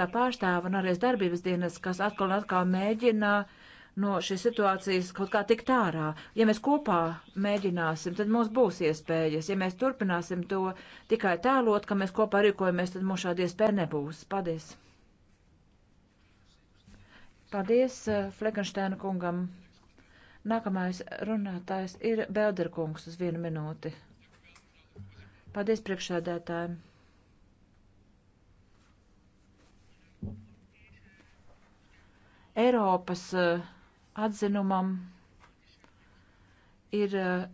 tā pārstāva un arī darbības dienas, kas atkal un atkal mēģina no šīs situācijas kaut kā tikt ārā. Ja mēs kopā mēģināsim, tad mums būs iespējas. Ja mēs turpināsim to tikai tēlot, ka mēs kopā rīkojamies, tad mums šāda iespēja nebūs. Paldies! Paldies eh, Flekensteina kungam. Nākamais runātājs ir Belderkungs uz vienu minūti. Paldies priekšsēdētājiem. Eiropas eh, atzinumam ir eh,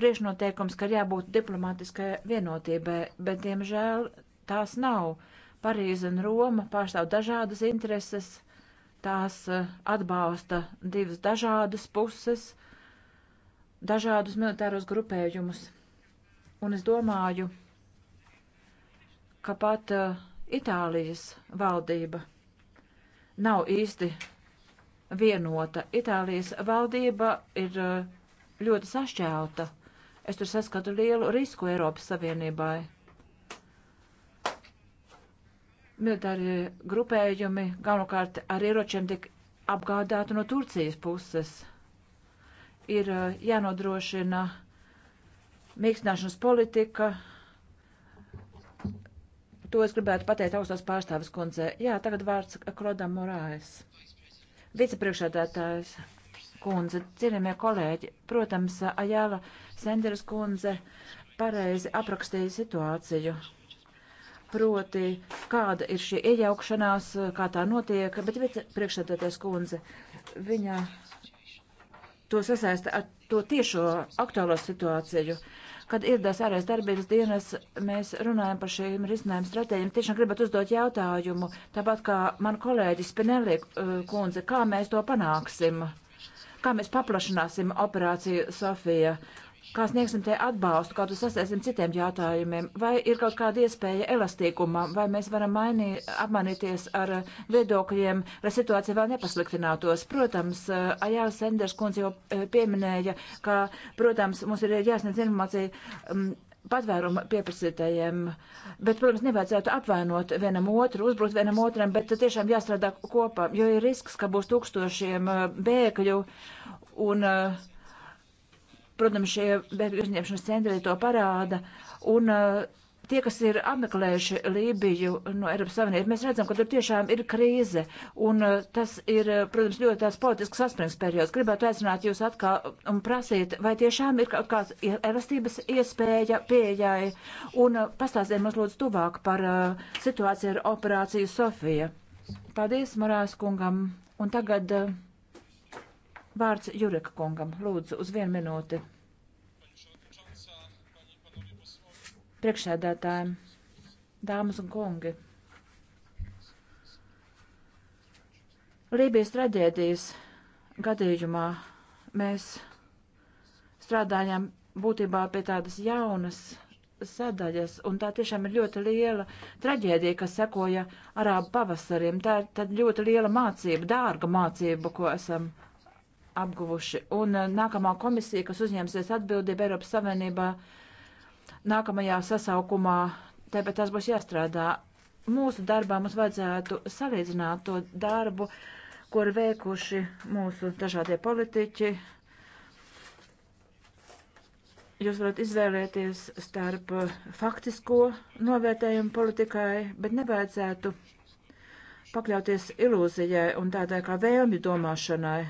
priekšnoteikums, ka jābūt diplomātiskai vienotībai, bet, diemžēl, tās nav. Parīze un Roma pārstāv dažādas intereses, tās eh, atbalsta divas dažādas puses, dažādus militāros grupējumus. Un es domāju, ka pat Itālijas valdība nav īsti vienota. Itālijas valdība ir eh, ļoti sašķelta. Es tur saskatu lielu risku Eiropas Savienībai. Militārie grupējumi galvenokārt ar ieročiem tik apgādāti no Turcijas puses. Ir eh, jānodrošina mīkstināšanas politika. To es gribētu pateikt augstās pārstāvis kundzei. Jā, tagad vārds Klodam Morājas. Vicepriekšādātājs kundze, cienījamie kolēģi, protams, Ajāla Senderas kundze pareizi aprakstīja situāciju. Proti, kāda ir šī iejaukšanās, kā tā notiek, bet vicepriekšādātājs kundze, viņa to sasaista ar to tiešo aktuālo situāciju. Kad ieradās ārējais darbības dienas, mēs runājam par šīm risinājumu stratēģiem. Tiešām gribat uzdot jautājumu, tāpat kā man kolēģis Spinelli eh, kundze, kā mēs to panāksim? Kā mēs paplašināsim operāciju Sofija? kā sniegsim te atbalstu, kā to sasēsim citiem jautājumiem, vai ir kaut kāda iespēja elastīgumam, vai mēs varam mainī, apmainīties ar viedokļiem, lai situācija vēl nepasliktinātos. Protams, eh, Ajāls Senders kundze jau eh, pieminēja, ka, protams, mums ir jāsniedz informācija mm, patvērumu pieprasītājiem, bet, protams, nevajadzētu apvainot vienam otru, uzbrukt vienam otram, bet tiešām jāstrādā kopā, jo ir risks, ka būs tūkstošiem eh, bēgļu un uh, Protams, šie bēgļu uzņemšanas centri to parāda. Un uh, tie, kas ir apmeklējuši Lībiju no Eiropas Savienības, mēs redzam, ka tur tiešām ir krīze. Un uh, tas ir, uh, protams, ļoti tās politisks saspringts periods. Gribētu aicināt jūs atkal un prasīt, vai tiešām ir kaut kāds elastības iespēja pieejai. Un uh, pastāstiet mums lūdzu tuvāk par uh, situāciju ar operāciju Sofija. Paldies Morās kungam. Un tagad. Uh, Vārds Jureka kungam. Lūdzu, uz vienu minūti. Priekšsēdētājiem, dāmas un kungi. Lībijas traģēdijas gadījumā mēs strādājām būtībā pie tādas jaunas sadaļas, un tā tiešām ir ļoti liela traģēdija, kas sekoja arābu pavasariem. Tā ir ļoti liela mācība, dārga mācība, ko esam apguvuši. Un eh, nākamā komisija, kas uzņemsies atbildību Eiropas Savienībā nākamajā sasaukumā, tāpēc tas būs jāstrādā. Mūsu darbā mums vajadzētu salīdzināt to darbu, ko ir veikuši mūsu dažādie politiķi. Jūs varat izvēlēties starp faktisko novērtējumu politikai, bet nevajadzētu pakļauties ilūzijai un tādai kā vēlmju domāšanai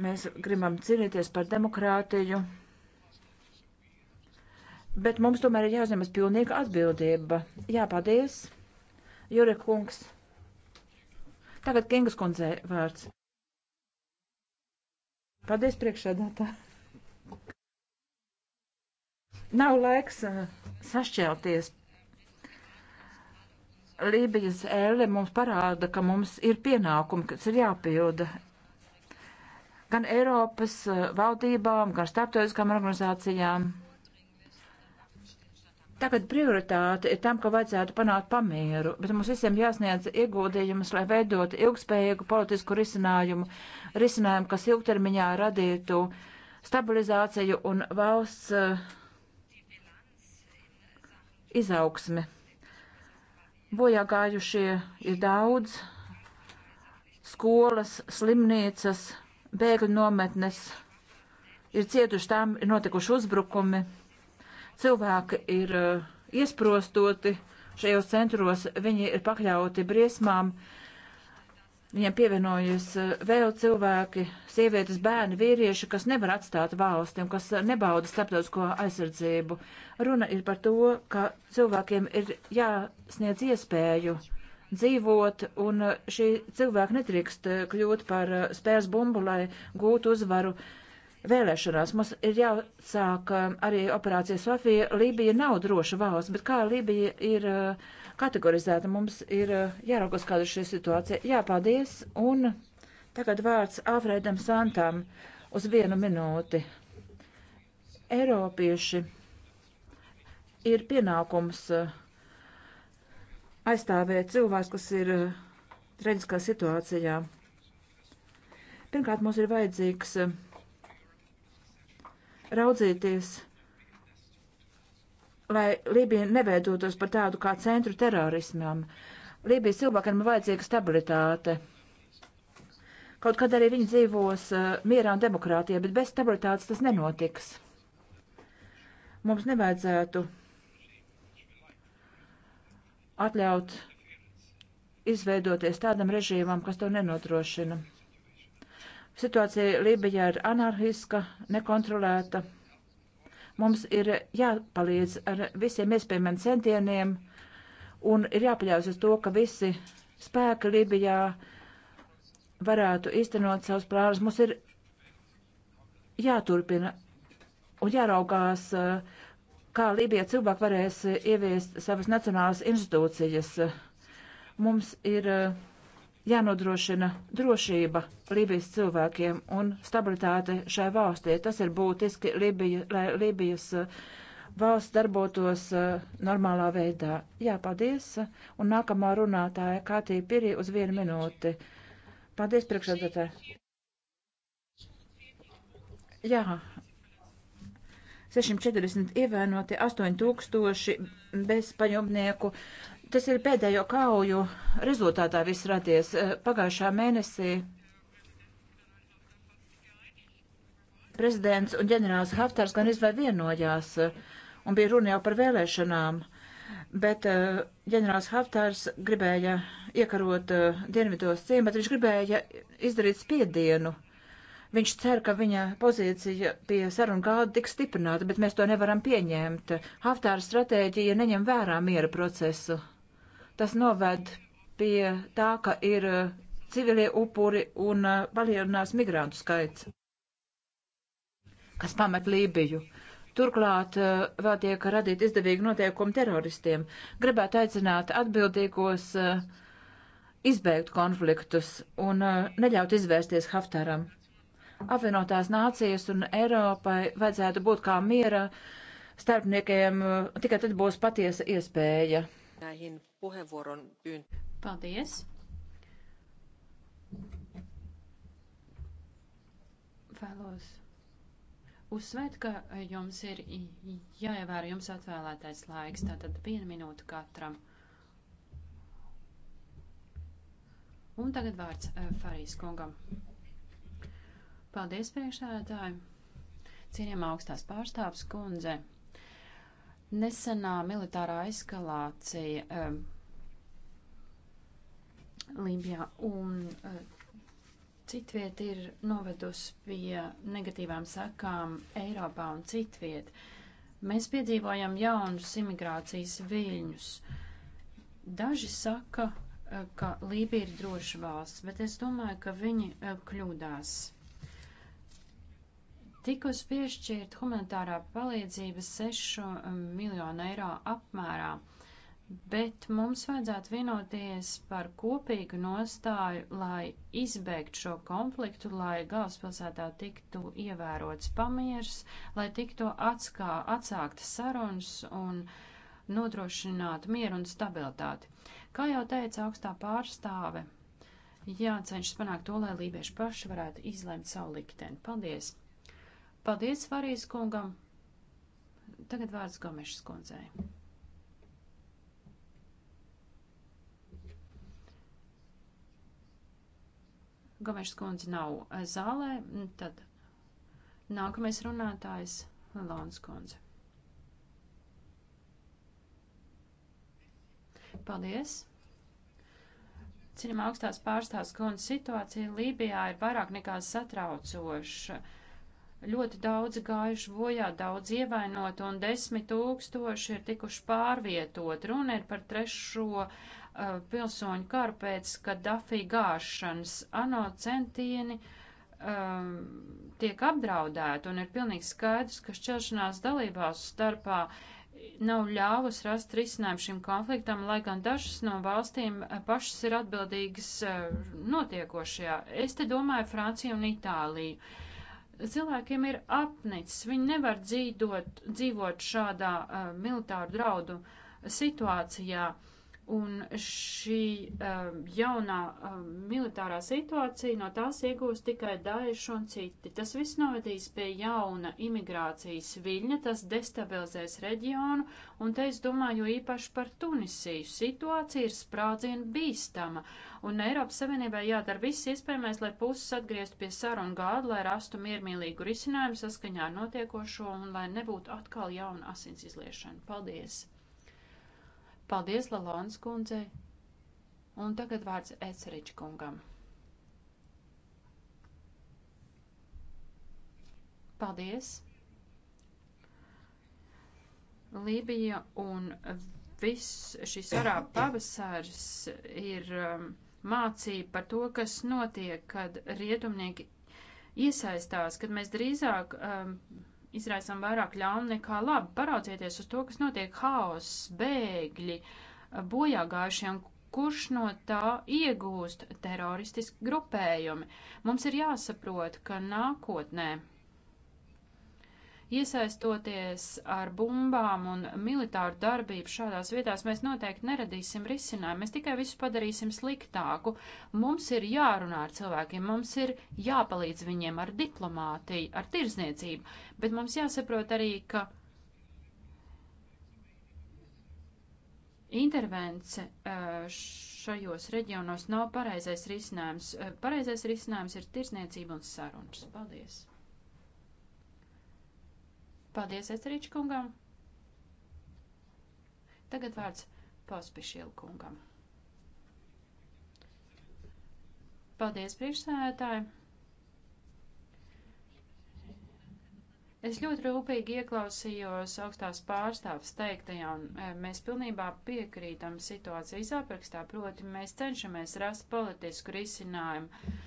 Mēs gribam cīnīties par demokrātiju, bet mums tomēr ir jāuzņemas pilnīga atbildība. Jā, paldies, Jure kungs. Tagad Kingas kundzē vārds. Paldies priekšādātā. Nav laiks uh, sašķelties Lībijas ēle mums parāda, ka mums ir pienākumi, kas ir jāpilda gan Eiropas eh, valdībām, gan starptautiskām organizācijām. Tagad prioritāte ir tam, ka vajadzētu panākt pamieru, bet mums visiem jāsniedz ieguldījums, lai veidot ilgspējīgu politisku risinājumu, risinājumu, kas ilgtermiņā radītu stabilizāciju un valsts uh, izaugsmi. Bojā gājušie ir daudz, skolas, slimnīcas, bēgļu nometnes ir cietuši, tām ir notikuši uzbrukumi. Cilvēki ir uh, iesprostoti šajos centros, viņi ir pakļauti briesmām. Viņiem pievienojas eh, vēl cilvēki, sievietes, bērni, vīrieši, kas nevar atstāt valstīm, kas nebauda starptautisko aizsardzību. Runa ir par to, ka cilvēkiem ir jāsniedz iespēju dzīvot, un uh, šī cilvēka nedrīkst uh, kļūt par uh, spēles bumbu, lai gūtu uzvaru vēlēšanās. Mums ir jāsāk um, arī operācija Sofija. Lībija nav droša valsts, bet kā Lībija ir kategorizēta, mums ir jāraugos, kāda ir šī situācija. Jā, paldies, un tagad vārds Alfredam Santam uz vienu minūti. Eiropieši ir pienākums uh, aizstāvēt cilvēks, kas ir eh, traģiskā situācijā. Pirmkārt, mums ir vajadzīgs eh, raudzīties, lai Lībija neveidotos par tādu kā centru terorismam. Lībijas cilvēkiem ir vajadzīga stabilitāte. Kaut kad arī viņi dzīvos eh, mierā un demokrātijā, bet bez stabilitātes tas nenotiks. Mums nevajadzētu atļaut izveidoties tādam režīmam, kas to nenodrošina. Situācija Lībijā ir anarhiska, nekontrolēta. Mums ir jāpalīdz ar visiem iespējamiem centieniem un ir jāpaļaujas uz to, ka visi spēki Lībijā varētu iztenot savus plānus. Mums ir jāturpina un jāraugās uh, kā Lībijā cilvēki varēs ieviest savas nacionālas institūcijas. Mums ir eh, jānodrošina drošība Lībijas cilvēkiem un stabilitāte šai valstī. Tas ir būtiski, Lībija, lai Lībijas eh, valsts darbotos eh, normālā veidā. Jā, paldies. Un nākamā runātāja Kātī Pirī uz vienu minūti. Paldies, priekšsēdētāji. Jā, 640 ievainoti, 8000 bezpajumnieku. Tas ir pēdējo kauju rezultātā viss radies. Eh, pagājušā mēnesī prezidents un ģenerālis Haftārs gan izvēl vienojās, eh, un bija runa jau par vēlēšanām, bet eh, ģenerālis Haftārs gribēja iekarot dienvidos cīm, bet viņš gribēja izdarīt spiedienu Viņš cer, ka viņa pozīcija pie sarunu kāda tiks stiprināta, bet mēs to nevaram pieņemt. Haftāra stratēģija neņem vērā miera procesu. Tas noved pie tā, ka ir uh, civilie upuri un uh, palielinās migrantu skaits, kas pamet Lībiju. Turklāt uh, vēl tiek radīt izdevīgi noteikumi teroristiem. Gribētu aicināt atbildīgos izbeigt konfliktus un neļaut izvērsties Haftaram apvienotās nācijas un Eiropai vajadzētu būt kā miera starpniekiem, tikai tad būs patiesa iespēja. Paldies! Vēlos uzsvērt, ka jums ir jāievēro jums atvēlētais laiks, tātad viena minūte katram. Un tagad vārds eh, Farijas kungam. Paldies, priekšsēdētāji! Cienījamā augstās pārstāvs kundze! Nesenā militārā eskalācija um, Lībijā un uh, citviet ir novedusi pie negatīvām sakām Eiropā un citviet. Mēs piedzīvojam jaunus imigrācijas viļņus. Daži saka, uh, ka Lībija ir droša valsts, bet es domāju, ka viņi uh, kļūdās tikus piešķirt humanitārā palīdzība 6 um, miljonu eiro apmērā, bet mums vajadzētu vienoties par kopīgu nostāju, lai izbeigtu šo konfliktu, lai galvaspilsētā tiktu ievērots pamieris, lai tiktu atskā, atsāktas sarunas un nodrošinātu mieru un stabilitāti. Kā jau teica augstā pārstāve, jācenšas panākt to, lai lībieši paši varētu izlemt savu likteni. Paldies! Paldies Varijas kungam. Tagad vārds Gomešas kundzei. Gomešas kundze nav zālē, tad nākamais runātājs Launs kundze. Paldies! Ciņam augstās pārstāvs kundze situācija Lībijā ir vairāk nekā satraucoša. Ļoti daudzi gājuši bojā, daudz ievainot un desmit tūkstoši ir tikuši pārvietot. Runa ir par trešo uh, pilsoņu karu pēc Kadafī gāšanas. ANO centieni um, tiek apdraudēti un ir pilnīgi skaidrs, ka šķelšanās dalībās starpā nav ļāvus rast risinājumu šim konfliktam, lai gan dažas no valstīm uh, pašas ir atbildīgas uh, notiekošajā. Es te domāju Franciju un Itāliju. Uh, cilvēkiem ir apnicis, viņi nevar dzīvot, dzīvot šādā uh, militāru draudu situācijā. Uh, Un šī uh, jaunā uh, militārā situācija no tās iegūs tikai daļš un citi. Tas viss novedīs pie jauna imigrācijas viļņa, tas destabilizēs reģionu, un te es domāju īpaši par Tunisiju. Situācija ir sprādzienu bīstama, un Eiropas Savienībai jādara viss iespējamais, lai puses atgriezt pie sarunu gādu, lai rastu miermīlīgu risinājumu saskaņā ar notiekošo un lai nebūtu atkal jauna asins izliešana. Paldies! Paldies Lalons kundzei. Un tagad vārds Eserič kungam. Paldies. Lībija un viss šis arābu pavasars ir um, mācība par to, kas notiek, kad rietumnieki iesaistās, kad mēs drīzāk um, izraisām vairāk ļaunu nekā labu. Paraudzieties uz to, kas notiek haoss, bēgļi, bojā gājušiem, kurš no tā iegūst teroristiski grupējumi. Mums ir jāsaprot, ka nākotnē Iesaistoties ar bumbām un militāru darbību šādās vietās, mēs noteikti neradīsim risinājumu, mēs tikai visu padarīsim sliktāku. Mums ir jārunā ar cilvēkiem, mums ir jāpalīdz viņiem ar diplomātiju, ar tirzniecību, bet mums jāsaprot arī, ka intervence šajos reģionos nav pareizais risinājums. Pareizais risinājums ir tirsniecība un sarunas. Paldies! Paldies Esteriča kungam. Tagad vārds Pauspišielu kungam. Paldies priekšsēdētāji. Es ļoti rūpīgi ieklausījos augstās pārstāvs teiktajā, un e, mēs pilnībā piekrītam situācijas aprakstā, proti mēs cenšamies rast politisku risinājumu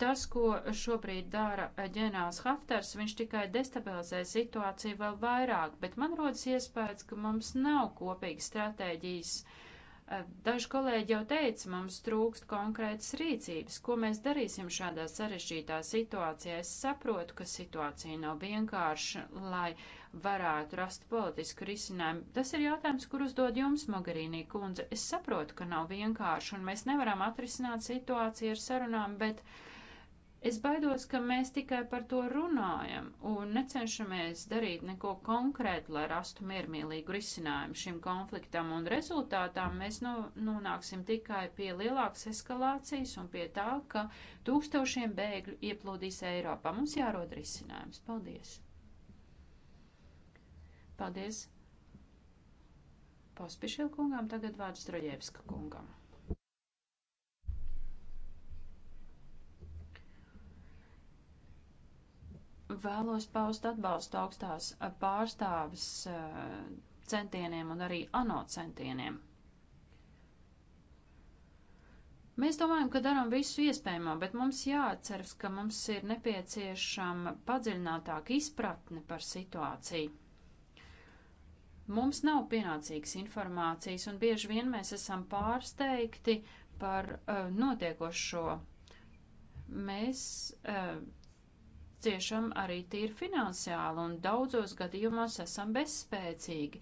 Tas, ko šobrīd dara eh, ģenerālis Hafters, viņš tikai destabilizē situāciju vēl vairāk, bet man rodas iespējas, ka mums nav kopīgas stratēģijas. Eh, daži kolēģi jau teica, mums trūkst konkrētas rīcības, ko mēs darīsim šādā sarežģītā situācijā. Es saprotu, ka situācija nav vienkārša, lai varētu rast politisku risinājumu. Tas ir jautājums, kur uzdod jums, Mogarīnī kundze. Es saprotu, ka nav vienkārši, un mēs nevaram atrisināt situāciju ar sarunām, bet. Uh, Es baidos, ka mēs tikai par to runājam un necenšamies darīt neko konkrētu, lai rastu miermīlīgu risinājumu šim konfliktam, un rezultātā mēs nu, nonāksim tikai pie lielākas eskalācijas un pie tā, ka tūkstošiem bēgļu ieplūdīs Eiropā. Mums jārod risinājums. Paldies! Paldies! Pospišilkungam tagad vārds Droļievska kungam. Vēlos paust atbalstu augstās pārstāvis eh, centieniem un arī ANO centieniem. Mēs domājam, ka darām visu iespējamo, bet mums jāatceras, ka mums ir nepieciešama padziļinātāka izpratne par situāciju. Mums nav pienācīgas informācijas, un bieži vien mēs esam pārsteigti par uh, notiekošo. Mēs uh, ciešam arī tīri finansiāli, un daudzos gadījumos esam bezspēcīgi.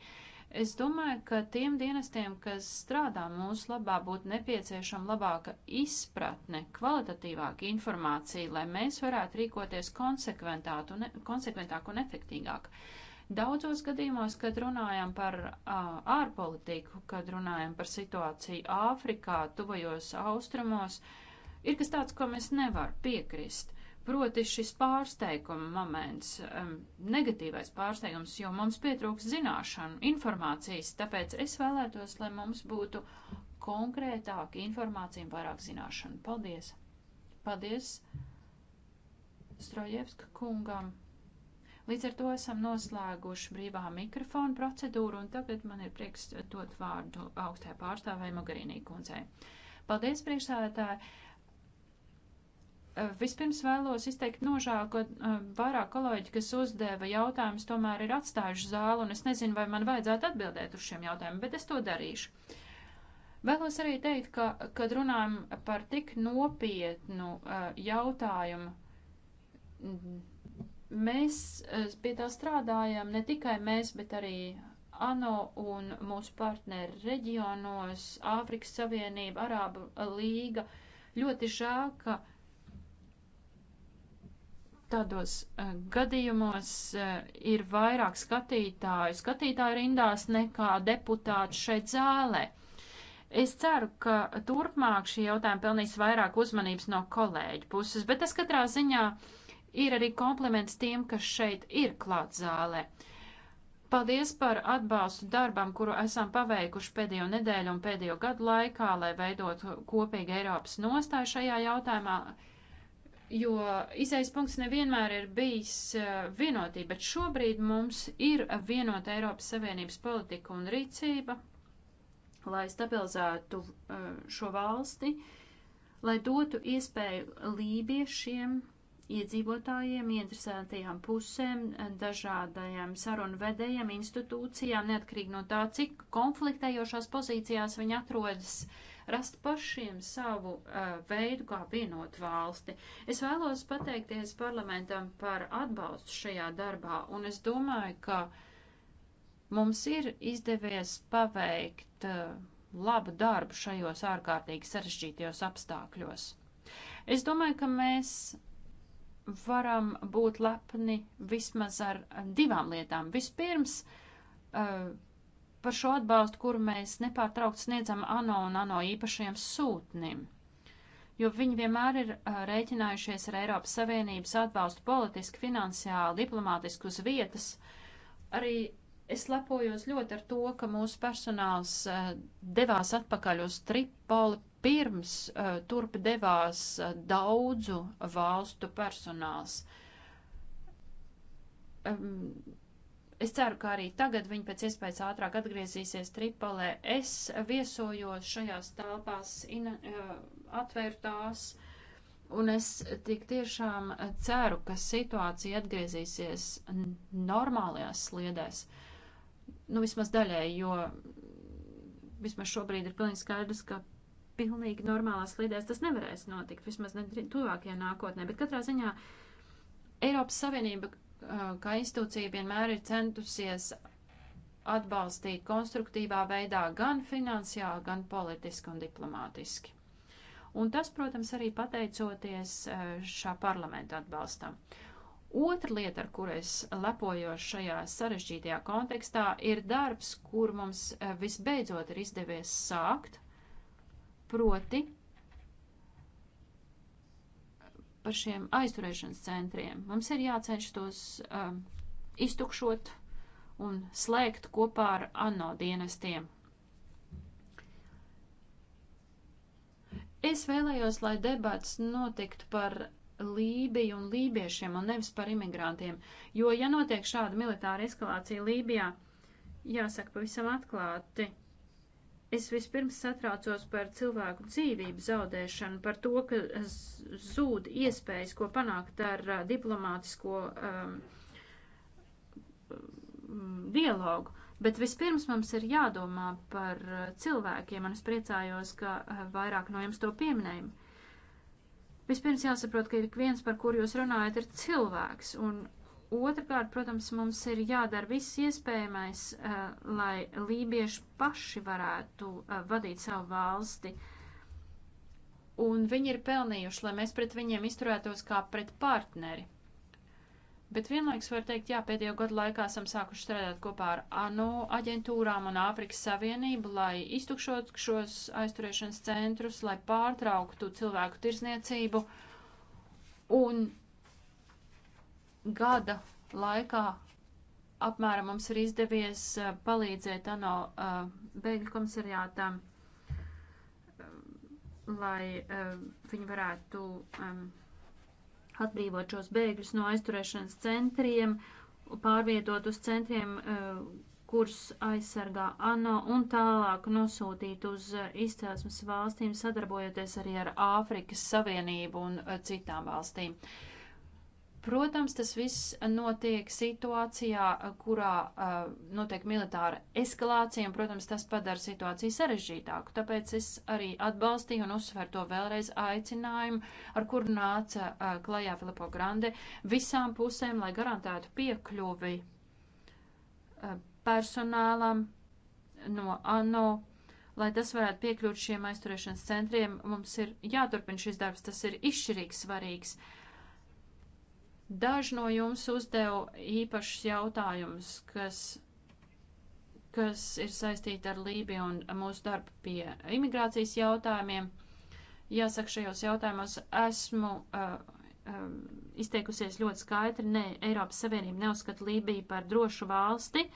Es domāju, ka tiem dienestiem, kas strādā mūsu labā, būtu nepieciešama labāka izpratne, kvalitatīvāka informācija, lai mēs varētu rīkoties konsekventāk un, e, konsekventāk un efektīgāk. Daudzos gadījumos, kad runājam par uh, ārpolitiku, kad runājam par situāciju Āfrikā, tuvajos austrumos, ir kas tāds, ko mēs nevar piekrist. Proti šis pārsteiguma moments, um, negatīvais pārsteigums, jo mums pietrūks zināšanu, informācijas, tāpēc es vēlētos, lai mums būtu konkrētāka informācija un vairāk zināšanu. Paldies! Paldies Strojevska kungam! Līdz ar to esam noslēguši brīvā mikrofona procedūru, un tagad man ir prieks dot vārdu augstajai pārstāvēji Magarīnī kundzei. Paldies, priekšsēdētāji! Eh, vispirms vēlos izteikt nožēlu, ka eh, vairāk kolēģi, kas uzdeva jautājumus, tomēr ir atstājuši zāli, un es nezinu, vai man vajadzētu atbildēt uz šiem jautājumiem, bet es to darīšu. Vēlos arī teikt, ka, kad runājam par tik nopietnu eh, jautājumu, mēs pie tā strādājam ne tikai mēs, bet arī ANO un mūsu partneri reģionos, Āfrikas Savienība, Arābu Līga. Ļoti žēl, ka Tādos uh, gadījumos uh, ir vairāk skatītāju skatītāju rindās nekā deputātu šeit zālē. Es ceru, ka turpmāk šī jautājuma pelnīs vairāk uzmanības no kolēģu puses, bet tas katrā ziņā ir arī kompliments tiem, kas šeit ir klāt zālē. Paldies par atbalstu darbam, kuru esam paveikuši pēdējo nedēļu un pēdējo gadu laikā, lai veidotu kopīgu Eiropas nostāju šajā jautājumā jo izējas punkts nevienmēr ir bijis eh, vienotība, bet šobrīd mums ir vienota Eiropas Savienības politika un rīcība, lai stabilizētu eh, šo valsti, lai dotu iespēju lībiešiem, iedzīvotājiem, interesētajām pusēm, dažādajām sarunu vedējiem, institūcijām, neatkarīgi no tā, cik konfliktējošās pozīcijās viņi atrodas. Uh, rast pašiem savu uh, veidu, kā vienot valsti. Es vēlos pateikties parlamentam par atbalstu šajā darbā, un es domāju, ka mums ir izdevies paveikt uh, labu darbu šajos ārkārtīgi sarežģītajos apstākļos. Es domāju, ka mēs varam būt lepni vismaz ar eh, divām lietām. Vispirms, uh, par šo atbalstu, kuru mēs nepārtraukt sniedzam ANO un ANO īpašiem sūtnim, jo viņi vienmēr ir rēķinājušies ar Eiropas Savienības atbalstu politiski, finansiāli, diplomātiski uz vietas. Arī es lepojos ļoti ar to, ka mūsu personāls devās atpakaļ uz Tripoli pirms turp devās daudzu valstu personāls um, Es ceru, ka arī tagad viņi pēc iespējas ātrāk atgriezīsies Tripolē. Es viesojos šajās telpās, in, eh, atvēru tās, un es tik tiešām ceru, ka situācija atgriezīsies normālajās sliedēs. Nu, vismaz daļēji, jo vismaz šobrīd ir pilnīgi skaidrs, ka pilnīgi normālās slīdēs tas nevarēs notikt, vismaz ne tuvākajā nākotnē, bet katrā ziņā Eiropas Savienība kā institūcija vienmēr ir centusies atbalstīt konstruktīvā veidā gan finansiāli, gan politiski un diplomātiski. Un tas, protams, arī pateicoties šā parlamenta atbalstam. Otra lieta, ar kuru es lepojos šajā sarežģītajā kontekstā, ir darbs, kur mums visbeidzot ir izdevies sākt, proti par šiem aizturēšanas centriem. Mums ir jācenš tos um, iztukšot un slēgt kopā ar ANO dienestiem. Es vēlējos, lai debats notiktu par Lībiju un lībiešiem un nevis par imigrantiem, jo, ja notiek šāda militāra eskalācija Lībijā, jāsaka pavisam atklāti, Es vispirms satraucos par cilvēku dzīvību zaudēšanu, par to, ka zūd iespējas, ko panākt ar uh, diplomātisko um, mm, dialogu. Bet vispirms mums ir jādomā par uh, cilvēkiem, un es priecājos, ka uh, vairāk no jums to pieminējumi. Vispirms jāsaprot, ka ik viens, par kur jūs runājat, ir cilvēks, un Otrakārt, protams, mums ir jādara viss iespējamais, eh, lai lībieši paši varētu eh, vadīt savu valsti. Un viņi ir pelnījuši, lai mēs pret viņiem izturētos kā pret partneri. Bet vienlaiks var teikt, jā, pēdējo gadu laikā esam sākuši strādāt kopā ar ANO aģentūrām un Āfrikas Savienību, lai iztukšot šos aizturēšanas centrus, lai pārtrauktu cilvēku tirzniecību. Un gada laikā apmēram mums ir izdevies eh, palīdzēt ANO eh, bēgļu komisariātam, eh, lai viņi varētu atbrīvot šos bēgļus no aizturēšanas centriem, pārvietot uz centriem, kurus aizsargā ANO un tālāk nosūtīt uz izcelsmes valstīm, sadarbojoties arī ar Āfrikas Savienību un citām valstīm. Uh, Protams, tas viss notiek situācijā, kurā uh, notiek militāra eskalācija, un, protams, tas padara situāciju sarežģītāku. Tāpēc es arī atbalstīju un uzsveru to vēlreiz aicinājumu, ar kur nāca uh, klajā Filipo Grande visām pusēm, lai garantētu piekļuvi uh, personālam no ANO. Lai tas varētu piekļūt šiem aizturēšanas centriem, mums ir jāturpina šis darbs, tas ir izšķirīgi svarīgs. Uh, Daži no jums uzdeva īpašus jautājumus, kas, kas ir saistīti ar Lībiju un mūsu darbu pie imigrācijas jautājumiem. Jāsaka, šajos jautājumos esmu uh, um, izteikusies ļoti skaidri. Nē, Eiropas Savienība neuzskata Lībiju par drošu valsti.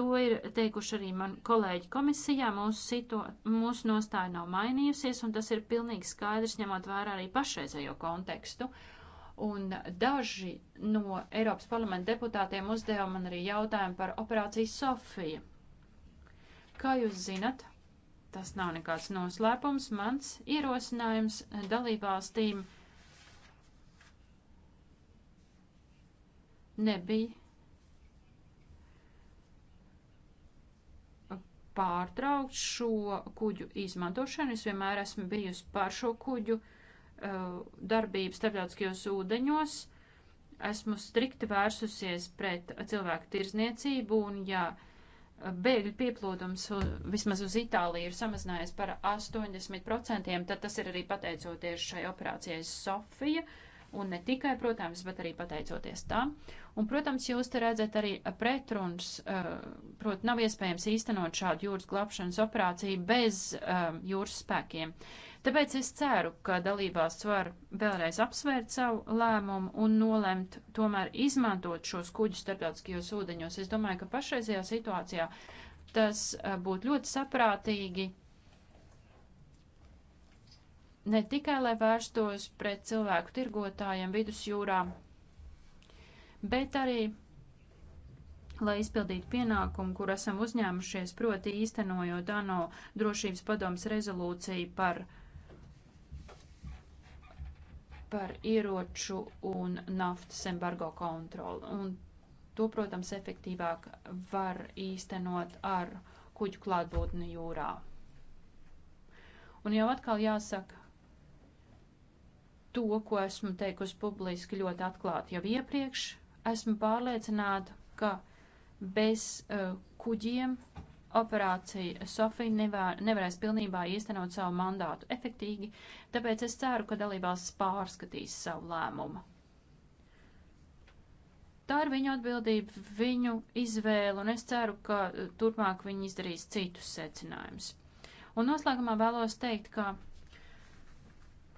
To ir teikuši arī man kolēģi komisijā. Mūsu, situ, mūsu nostāja nav mainījusies, un tas ir pilnīgi skaidrs, ņemot vērā arī pašreizējo kontekstu. Uh, Un daži no Eiropas parlamenta deputātiem uzdeva man arī jautājumu par operāciju Sofija. Kā jūs zinat, tas nav nekāds noslēpums, mans ierosinājums dalībvalstīm nebija pārtraukt šo kuģu izmantošanu. Es vienmēr esmu bijusi par šo kuģu uh, Uh, darbību starptautiskajos ūdeņos. Esmu strikti vērsusies pret cilvēku tirzniecību, un ja bēgļu pieplūdums uh, vismaz uz Itāliju ir samazinājies par 80%, tad tas ir arī pateicoties šai operācijai Sofija. Un ne tikai, protams, bet arī pateicoties tam. Un, protams, jūs te redzat arī pretruns, uh, proti nav iespējams īstenot šādu jūras glābšanas operāciju bez uh, jūras spēkiem. Uh, Tāpēc es ceru, ka dalībās var vēlreiz apsvērt savu lēmumu un nolemt tomēr izmantot šos kuģus starptautiskajos ūdeņos. Es domāju, ka pašreizajā situācijā tas eh, būtu ļoti saprātīgi. Ne tikai, lai vērstos pret cilvēku tirgotājiem vidusjūrā, bet arī, lai izpildītu pienākumu, kur esam uzņēmušies, proti īstenojot ANO drošības padomas rezolūciju par uh, par ieroču un naftas embargo kontroli. Un to, protams, efektīvāk var īstenot ar kuģu klātbūtni jūrā. Un jau atkal jāsaka to, ko esmu teikusi publiski ļoti atklāti jau iepriekš. Esmu pārliecināta, ka bez uh, kuģiem operācija Sofija nevar, nevarēs pilnībā īstenot savu mandātu efektīgi, tāpēc es ceru, ka dalībvalsts pārskatīs savu lēmumu. Tā ir viņu atbildība, viņu izvēle, un es ceru, ka eh, turpmāk viņi izdarīs citus secinājumus. Un noslēgumā vēlos teikt, ka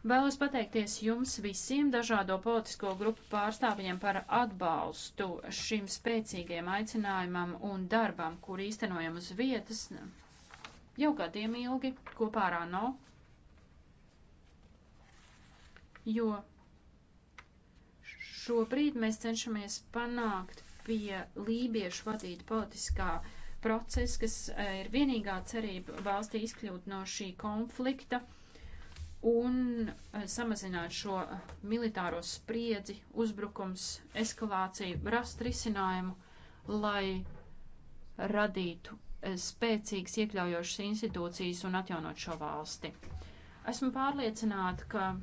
Vēlos pateikties jums visiem dažādo politisko grupu pārstāvjiem par atbalstu šim spēcīgiem aicinājumam un darbam, kur īstenojam uz vietas jau gadiem ilgi kopā ar ANO. Jo šobrīd mēs cenšamies panākt pie lībiešu vadīta politiskā procesa, kas eh, ir vienīgā cerība valstī izkļūt no šī konflikta un eh, samazināt šo eh, militāro spriedzi, uzbrukums, eskalāciju, rast risinājumu, lai radītu eh, spēcīgas iekļaujošas institūcijas un atjaunot šo valsti. Esmu pārliecināta, ka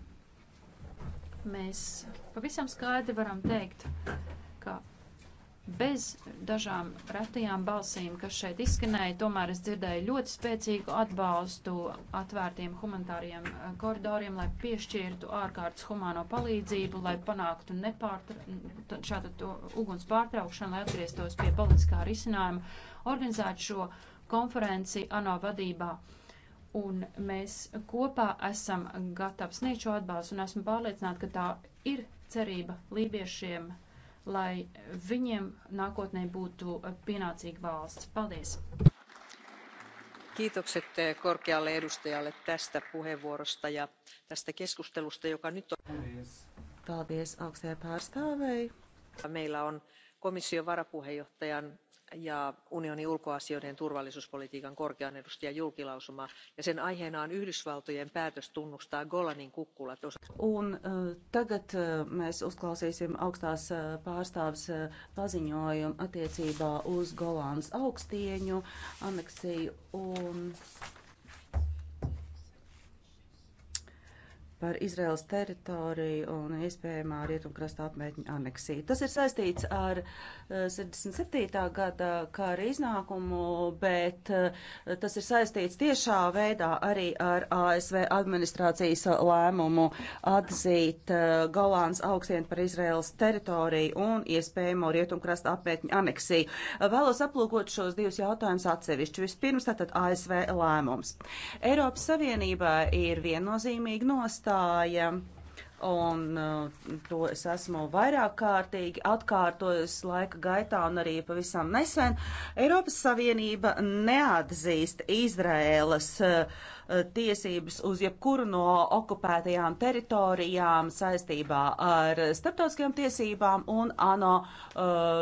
mēs pavisam skaidri varam teikt, ka Bez dažām retajām balsīm, kas šeit izskanēja, tomēr es dzirdēju ļoti spēcīgu atbalstu atvērtiem humanitāriem eh, koridoriem, lai piešķirtu ārkārtas humāno palīdzību, lai panāktu nepārtra... šādu uguns pārtraukšanu, lai atgrieztos pie politiskā risinājuma, organizētu šo konferenci ANO vadībā un mēs kopā esam gatavi sniegt šo atbalstu, un esmu pārliecināta, ka tā ir cerība lībiešiem lai viņiem nākotnē būtu pienācīga valsts. Paldies! Kiitokset eh, korkealle edustajalle tästä puheenvuorosta ja tästä keskustelusta, joka nyt on. Paldies, Paldies augstajai pārstāvei. Meillä on komission varapuheenjohtajan ja unionin ulkoasioiden ja turvallisuuspolitiikan korkean edustajan julkilausuma ja sen aiheena on Yhdysvaltojen päätös tunnustaa Golanin kukkulat. Un tagad mēs uzklausīsim augstās pārstāvs paziņojumu attiecībā uz Golāns augstieņu aneksiju un par Izraels teritoriju un iespējamā rietumkrasta apmēķņa aneksiju. Tas ir saistīts ar 77. Eh, gada kara iznākumu, bet eh, tas ir saistīts tiešā veidā arī ar ASV administrācijas lēmumu atzīt eh, Golāns augstien par Izraels teritoriju un iespējamo rietumkrasta apmēķņa aneksiju. Vēlos aplūkot šos divus jautājumus atsevišķi. Vispirms tātad ASV lēmums. Eiropas Savienībā ir viennozīmīgi nostāja nostāja, un uh, to es esmu vairāk kārtīgi atkārtojis laika gaitā un arī pavisam nesen, Eiropas Savienība neatzīst Izraēlas uh, Eh, tiesības uz jebkuru no okupētajām teritorijām saistībā ar starptautiskajām tiesībām un ANO eh,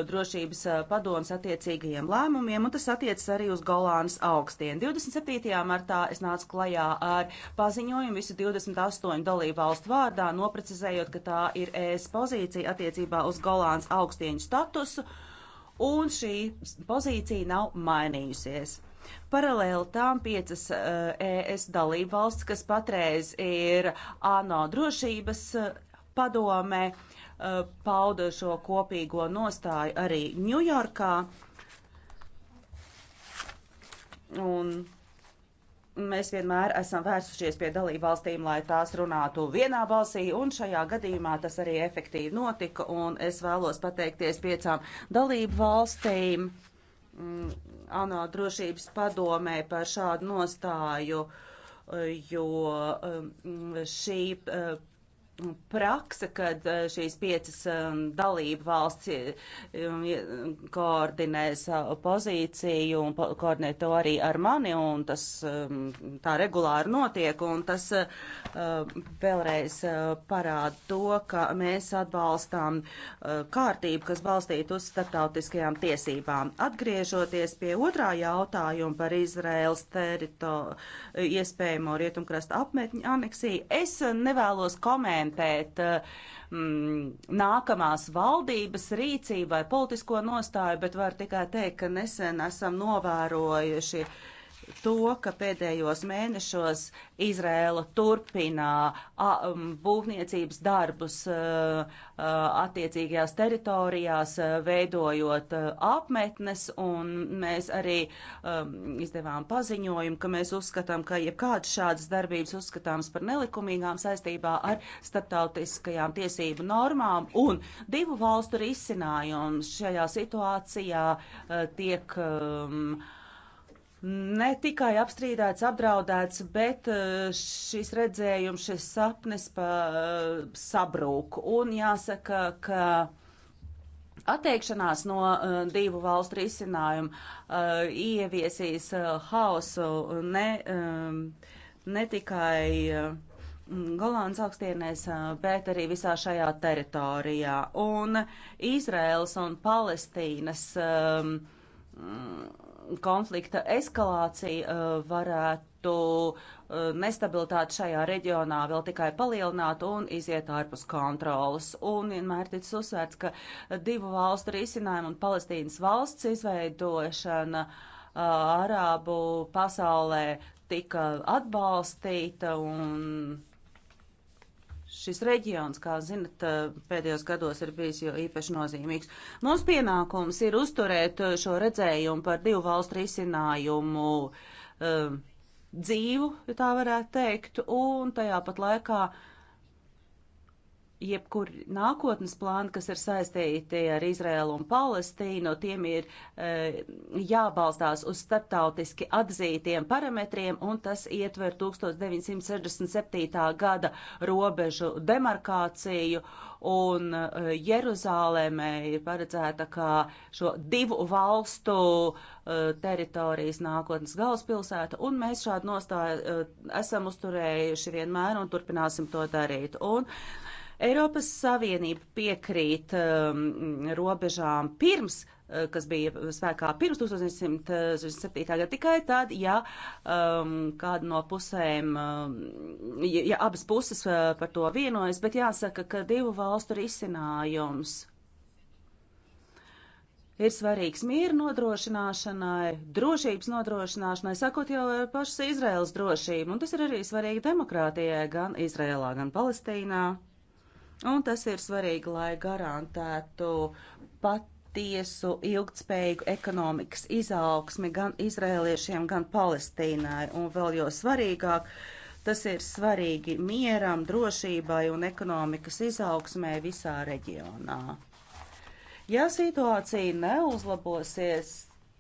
drošības eh, padomas attiecīgajiem lēmumiem, un tas attiecas arī uz Golānas augstiem. 27. martā es nācu klajā ar paziņojumu visu 28 dalību valstu vārdā, noprecizējot, ka tā ir ES pozīcija attiecībā uz Golānas augstieņu statusu un šī pozīcija nav mainījusies. Paralēli tām piecas ES eh, e dalībvalsts, kas patreiz ir ANO drošības eh, padomē, eh, pauda šo kopīgo nostāju arī Ņujorkā. Un mēs vienmēr esam vērsušies pie dalībvalstīm, lai tās runātu vienā balsī, un šajā gadījumā tas arī efektīvi notika, un es vēlos pateikties piecām dalībvalstīm mm, ANO drošības padomē par šādu nostāju, jo um, šī uh, praksa, kad eh, šīs piecas um, dalību valsts um, koordinē savu pozīciju un koordinē to arī ar mani, un tas um, tā regulāri notiek, un tas eh, vēlreiz eh, parāda to, ka mēs atbalstām kārtību, kas balstīta uz starptautiskajām tiesībām. Atgriežoties pie otrā jautājuma par Izraels terito iespējamo rietumkrasta apmetņu aneksiju, es nevēlos komentēt, komentēt eh, mm, nākamās valdības rīcību vai politisko nostāju, bet var tikai teikt, ka nesen esam novērojuši uh, to, ka pēdējos mēnešos Izrēla turpinā būvniecības darbus attiecīgajās teritorijās, veidojot apmetnes, un mēs arī izdevām paziņojumu, ka mēs uzskatām, ka jebkādas šādas darbības uzskatāms par nelikumīgām saistībā ar starptautiskajām tiesību normām, un divu valstu risinājums šajā situācijā tiek um, ne tikai apstrīdēts, apdraudēts, bet uh, šis redzējums, šis sapnis pa, uh, sabrūk. Un jāsaka, ka atteikšanās no uh, divu valstu risinājumu uh, ieviesīs uh, hausu ne, um, ne tikai uh, Golānas augstienēs, uh, bet arī visā šajā teritorijā. Un Izraels un Palestīnas um, konflikta eskalācija uh, varētu uh, nestabilitāti šajā reģionā vēl tikai palielināt un iziet ārpus kontrolas. Un vienmēr tic uzsvērts, ka divu valstu risinājumu un Palestīnas valsts izveidošana uh, Arābu pasaulē tika atbalstīta un Šis reģions, kā zinat, pēdējos gados ir bijis jau īpaši nozīmīgs. Mums pienākums ir uzturēt šo redzējumu par divu valstu risinājumu um, dzīvu, ja tā varētu teikt, un tajā pat laikā uh, jebkur nākotnes plāni, kas ir saistīti ar Izrēlu un Palestīnu, tiem ir e, jābalstās uz starptautiski atzītiem parametriem, un tas ietver 1967. gada robežu demarkāciju, un e, Jeruzālēmē ir paredzēta kā šo divu valstu e, teritorijas nākotnes galvaspilsēta, un mēs šādu nostāju e, esam uzturējuši vienmēr un turpināsim to darīt. Un, e, Eiropas Savienība piekrīt um, robežām pirms, uh, kas bija spēkā pirms 1967. gada, tikai tad, ja um, kāda no pusēm, um, ja, ja abas puses uh, par to vienojas, bet jāsaka, ka divu valstu risinājums ir svarīgs mieru nodrošināšanai, drošības nodrošināšanai, sakot jau pašas Izraēlas drošību, un tas ir arī svarīgi demokrātijai gan Izrēlā, gan Palestīnā. Un tas ir svarīgi, lai garantētu patiesu ilgtspējīgu ekonomikas izaugsmi gan izrēliešiem, gan Palestīnai. Un vēl jo svarīgāk, tas ir svarīgi mieram, drošībai un ekonomikas izaugsmē visā reģionā. Ja situācija neuzlabosies,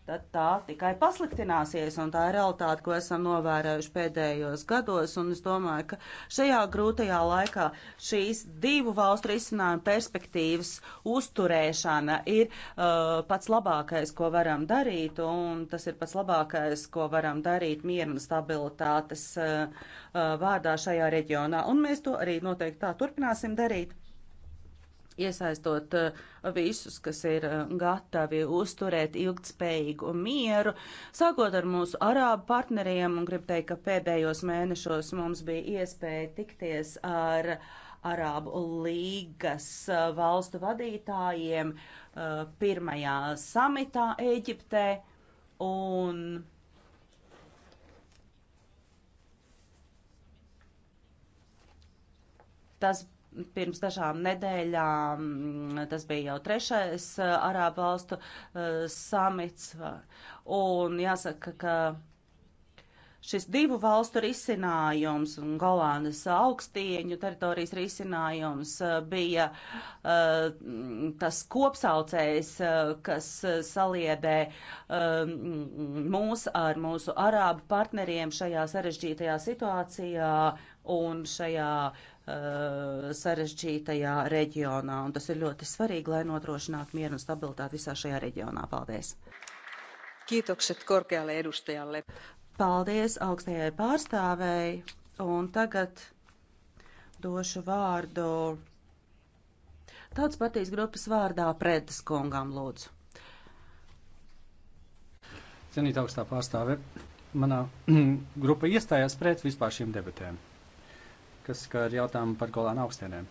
tad tā tikai pasliktināsies, un tā ir realitāte, ko esam novērojuši pēdējos gados, un es domāju, ka šajā grūtajā laikā šīs divu valstu risinājuma perspektīvas uzturēšana ir uh, pats labākais, ko varam darīt, un tas ir pats labākais, ko varam darīt miera un stabilitātes uh, uh, vārdā šajā reģionā, un mēs to arī noteikti tā turpināsim darīt iesaistot eh, visus, kas ir eh, gatavi uzturēt ilgtspējīgu mieru, sākot ar mūsu arābu partneriem, un gribu teikt, ka pēdējos mēnešos mums bija iespēja tikties ar Arābu līgas eh, valstu vadītājiem pirmajā samitā Eģiptē, un tas Pirms dažām nedēļām mm, tas bija jau trešais eh, Arābu valstu eh, samits. Un jāsaka, ka šis divu valstu risinājums un Golānas augstieņu teritorijas risinājums eh, bija uh, tas kopsaucējs, uh, kas saliedē uh, mūs ar mūsu arābu partneriem šajā sarežģītajā situācijā un šajā uh, Uh, sarežģītajā reģionā, un tas ir ļoti svarīgi, lai nodrošinātu mieru un stabilitāti visā šajā reģionā. Paldies! Kiitokset korkealle edustajalle. Paldies augstajai pārstāvēji, un tagad došu vārdu Tautas partijas grupas vārdā Predes kungam lūdzu. Cienīt augstā pārstāve, manā grupa iestājās pret vispār šīm debatēm kas skar jautājumu par Golāna augstieniem.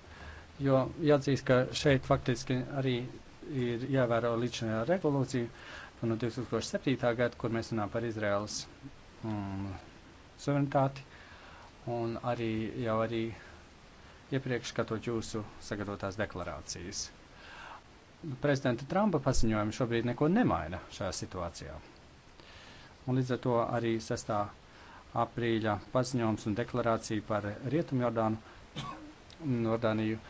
Jo jāatzīst, ka šeit faktiski arī ir jāvēro līdzinājā revolūcija no 2007. gada, kur mēs runājam par Izraels mm, suverenitāti un arī jau arī iepriekš skatot jūsu sagatavotās deklarācijas. Prezidenta Trumpa paziņojumi šobrīd neko nemaina šajā situācijā. Un līdz ar to arī sestā aprīļa paziņojums un deklarācija par Rietumjordānu un Jordāniju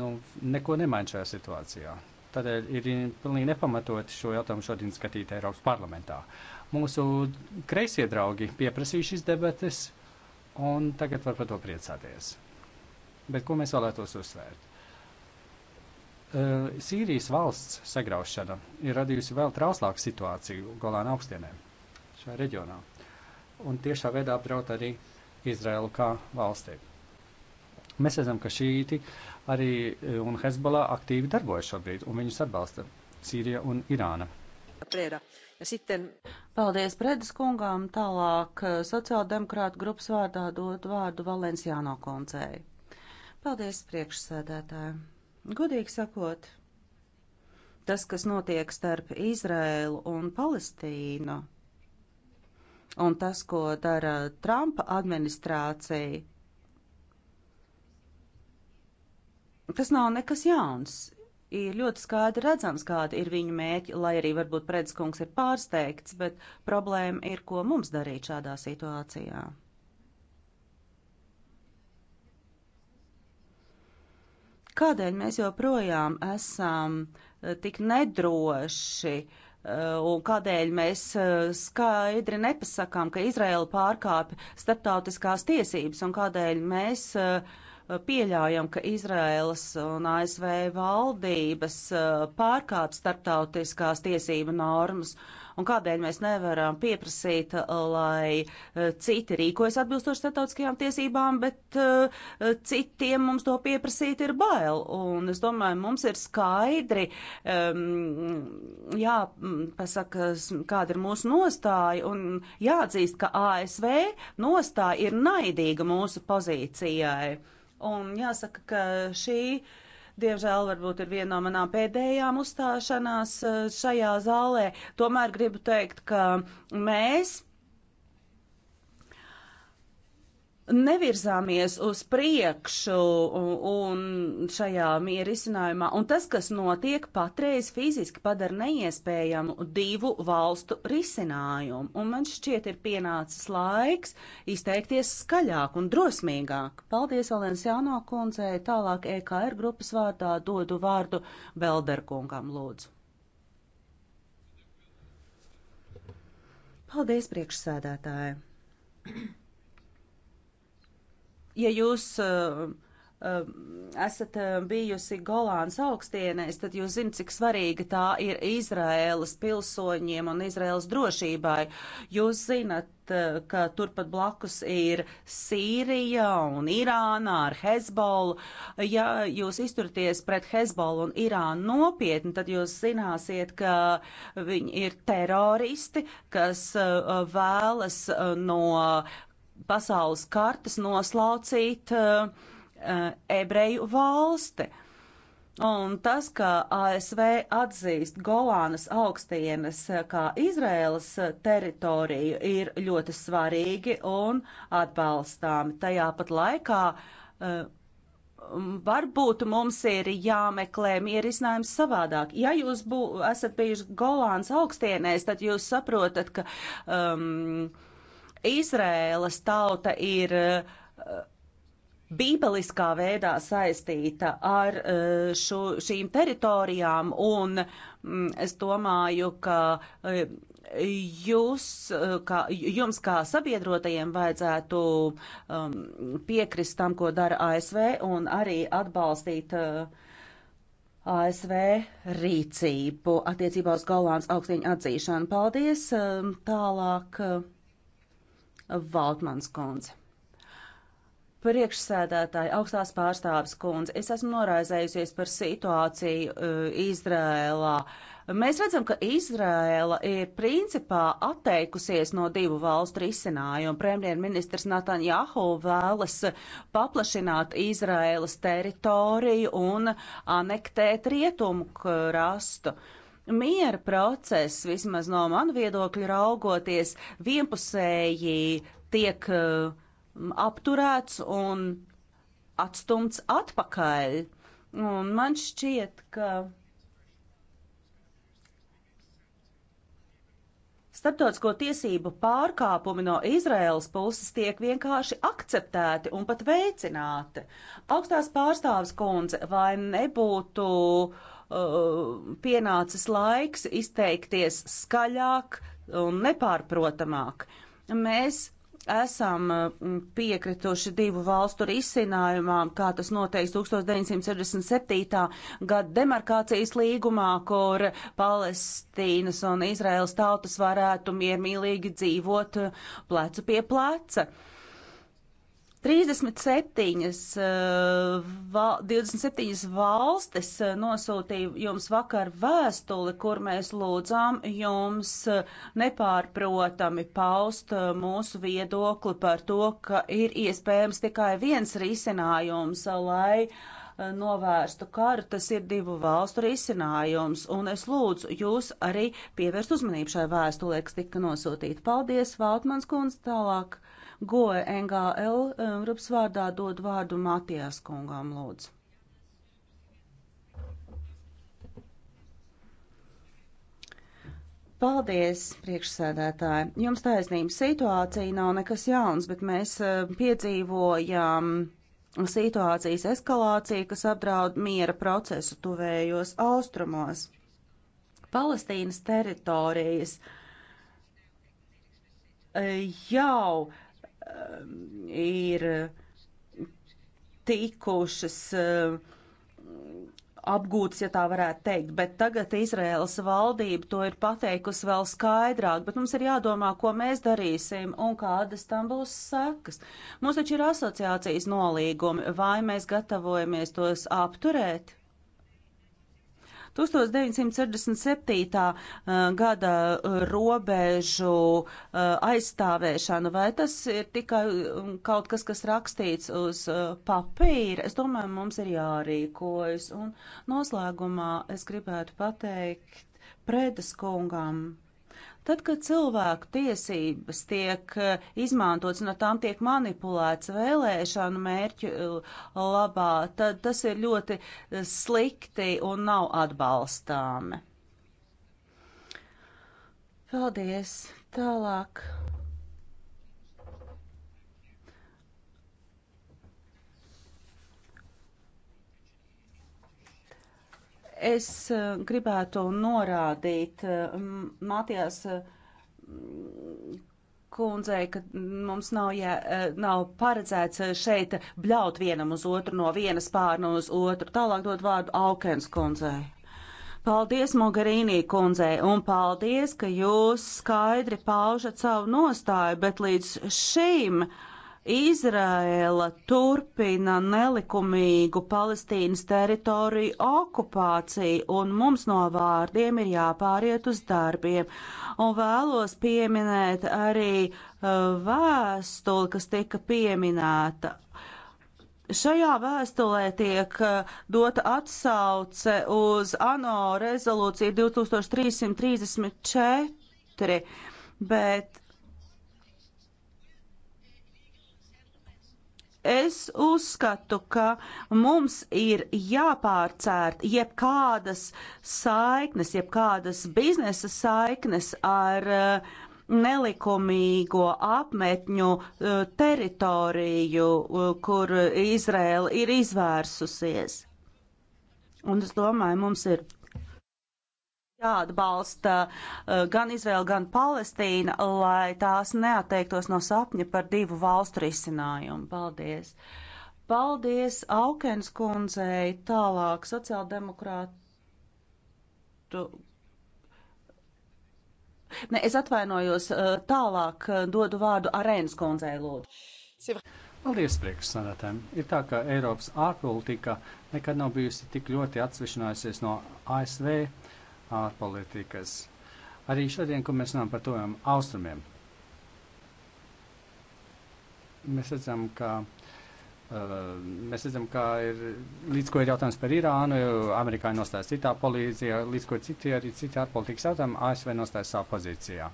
nu, neko nemaina šajā situācijā. Tādēļ ir pilnīgi nepamatot šo jautājumu šodien skatīt Eiropas parlamentā. Mūsu kreisie draugi pieprasīja šīs debates, un tagad var par to priecāties. Bet ko mēs vēlētos uzsvērt? Sīrijas valsts sagraušana ir radījusi vēl trauslāku situāciju Golāna augstienē šajā reģionā un tiešā veidā apdraud arī Izraēlu kā valsti. Mēs redzam, ka šīti arī e, un Hezbollah aktīvi darbojas šobrīd, un viņus atbalsta Sīrija un Irāna. Prēra. Ja sitten... Paldies Predes kungām. Tālāk e, sociāldemokrāta grupas vārdā dod vārdu Valenciāno koncei. Paldies priekšsēdētājiem. Godīgi sakot, tas, kas notiek starp Izrēlu un Palestīnu, Un tas, ko dara Trumpa administrācija, tas nav nekas jauns. Ir ļoti skaidri redzams, kāda ir viņu mērķi, lai arī varbūt pretskungs ir pārsteigts, bet problēma ir, ko mums darīt šādā situācijā. Kādēļ mēs joprojām esam eh, tik nedroši uh, Eh, un kādēļ mēs eh, skaidri nepasakām, ka Izraela pārkāpja starptautiskās tiesības un kādēļ mēs eh, pieļaujam, ka Izraēlas un ASV valdības pārkāpj starptautiskās tiesību normas. Uh, un kādēļ mēs nevaram pieprasīt, eh, lai eh, citi rīkojas atbilstoši starptautiskajām tiesībām, bet eh, citiem mums to pieprasīt ir bail. Un es domāju, mums ir skaidri ehm, jāpasaka, kāda ir mūsu nostāja un jāatzīst, ka ASV nostāja ir naidīga mūsu pozīcijai. Un jāsaka, ka šī uh, Diemžēl varbūt ir viena no manām pēdējām uzstāšanās eh, šajā zālē. Tomēr gribu teikt, ka mēs nevirzāmies uz priekšu un šajā miera izcinājumā, un tas, kas notiek patreiz fiziski padara neiespējamu divu valstu risinājumu, un man šķiet ir pienācis laiks izteikties skaļāk un drosmīgāk. Paldies Valenciāno kundzei, tālāk EKR grupas vārdā dodu vārdu Belderkungam lūdzu. Paldies priekšsēdētāji! ja jūs uh, esat eh, bijusi Golāns augstienēs, tad jūs zinat, cik svarīga tā ir Izraēlas pilsoņiem un Izraēlas drošībai. Jūs zinat, ka turpat blakus ir Sīrija un Irāna ar Hezbollu. Ja jūs izturties pret Hezbollu un Irānu nopietni, tad jūs zināsiet, ka viņi ir teroristi, kas vēlas no pasaules kartes noslaucīt uh, ebreju valsti. Un tas, ka ASV atzīst Golānas augstienes eh, kā Izraēlas teritoriju, ir ļoti svarīgi un atbalstāmi. Tajā pat laikā uh, varbūt mums ir jāmeklē mierisinājums savādāk. Ja jūs bū, esat bijuši Golāns augstienēs, tad jūs saprotat, ka um, Izrēlas tauta ir eh, bībeliskā veidā saistīta ar eh, šo, šīm teritorijām, un mm, es domāju, ka eh, jūs, kā, jums kā sabiedrotajiem vajadzētu um, piekrist tam, ko dara ASV, un arī atbalstīt uh, ASV rīcību attiecībā uz Golāns augstiņu atzīšanu. Paldies! Um, tālāk. Uh, Valtmans kundze. Priekšsēdētāji, augstās pārstāvis kundze, es esmu noraizējusies par situāciju uh, Izrēlā. Mēs redzam, ka Izrēla ir principā atteikusies no divu valstu risinājumu. Premjerministrs Natanjahu vēlas paplašināt Izrēlas teritoriju un anektēt rietumu krastu. Uh, Miera process, vismaz no manu viedokļa raugoties, vienpusēji tiek apturēts un atstumts atpakaļ. Un man šķiet, ka Startautisko tiesību pārkāpumi no Izraēlas puses tiek vienkārši akceptēti un pat veicināti. Augstās pārstāvis kundze, vai nebūtu uh, Uh, pienācis laiks izteikties skaļāk un nepārprotamāk. Mēs esam uh, piekrituši divu valstu risinājumam, kā tas noteikts 1967. gada demarkācijas līgumā, kur Palestīnas un Izraels tautas varētu miermīlīgi dzīvot uh, plecu pie pleca. Uh, 37, 27 eh, valstis eh, nosūtīja jums vakar vēstuli, kur mēs lūdzām jums eh, nepārprotami paust mūsu viedokli par to, ka ir iespējams tikai viens risinājums, lai novērstu karu. Tas ir divu valstu risinājums, un es lūdzu jūs arī pievērst uzmanību šai vēstulē, kas tika nosūtīta. Paldies, Valtmans kundze, tālāk. Goe NGL um, grupas vārdā dod vārdu Matijas kungām lūdzu. Paldies, priekšsēdētāji. Jums taisnība situācija nav nekas jauns, bet mēs um, piedzīvojam situācijas eskalāciju, kas apdraud miera procesu tuvējos austrumos. Palestīnas teritorijas uh, jau Um, ir tikušas um, apgūtas, ja tā varētu teikt, bet tagad Izraēlas valdība to ir pateikusi vēl skaidrāk, bet mums ir jādomā, ko mēs darīsim un kādas tam būs sekas. Mums taču ir asociācijas nolīgumi, vai mēs gatavojamies tos apturēt? 1967. Eh, gada eh, robežu eh, aizstāvēšana, vai tas ir tikai mm, kaut kas, kas rakstīts uz papīra? Es domāju, mums ir jārīkojas. Un noslēgumā es gribētu pateikt Prēdas kungam Tad, kad cilvēku tiesības tiek eh, izmantotas un no ar tām tiek manipulēts vēlēšanu mērķu eh, labā, tad tas ir ļoti eh, slikti un nav atbalstāmi. Paldies! Tālāk Es eh, gribētu norādīt eh, Matijas eh, kundzei, ka mums nav, jā, nav paredzēts šeit bļaut vienam uz otru, no vienas pārnu uz otru. Tālāk dod vārdu Aukens kundzei. Paldies, Mogarīnī kundzei, un paldies, ka jūs skaidri paužat savu nostāju, bet līdz šim. Uh, Izraēla turpina nelikumīgu Palestīnas teritoriju okupāciju, un mums no vārdiem ir jāpāriet uz darbiem. Un vēlos pieminēt arī uh, vēstuli, kas tika pieminēta. Šajā vēstulē tiek uh, dota atsauce uz ANO rezolūciju 2334, bet Es uzskatu, ka mums ir jāpārcērt jebkādas saiknes, jebkādas biznesa saiknes ar uh, nelikumīgo apmetņu uh, teritoriju, uh, kur Izraela ir izvērsusies. Un es domāju, mums ir jāatbalsta eh, gan Izraela, gan Palestīna, lai tās neatteiktos no sapņa par divu valstu risinājumu. Paldies! Paldies Aukens kundzei, tālāk sociāldemokrātu. Ne, es atvainojos, eh, tālāk eh, dodu vārdu Arēnas kundzei, lūdzu. Paldies priekšsādātājiem. Ir tā, ka Eiropas ārpolitika nekad nav bijusi tik ļoti atsvešinājusies no ASV ārpolitikas. Arī šodien, kur mēs runājam par tojām austrumiem, mēs redzam, ka. Uh, mēs redzam, ka ir līdz ko ir jautājums par Irānu, amerikāņi nostājas citā pozīcijā, līdz ko citi arī citi ārpolitikas jautājumi, ASV nostājas savā pozīcijā.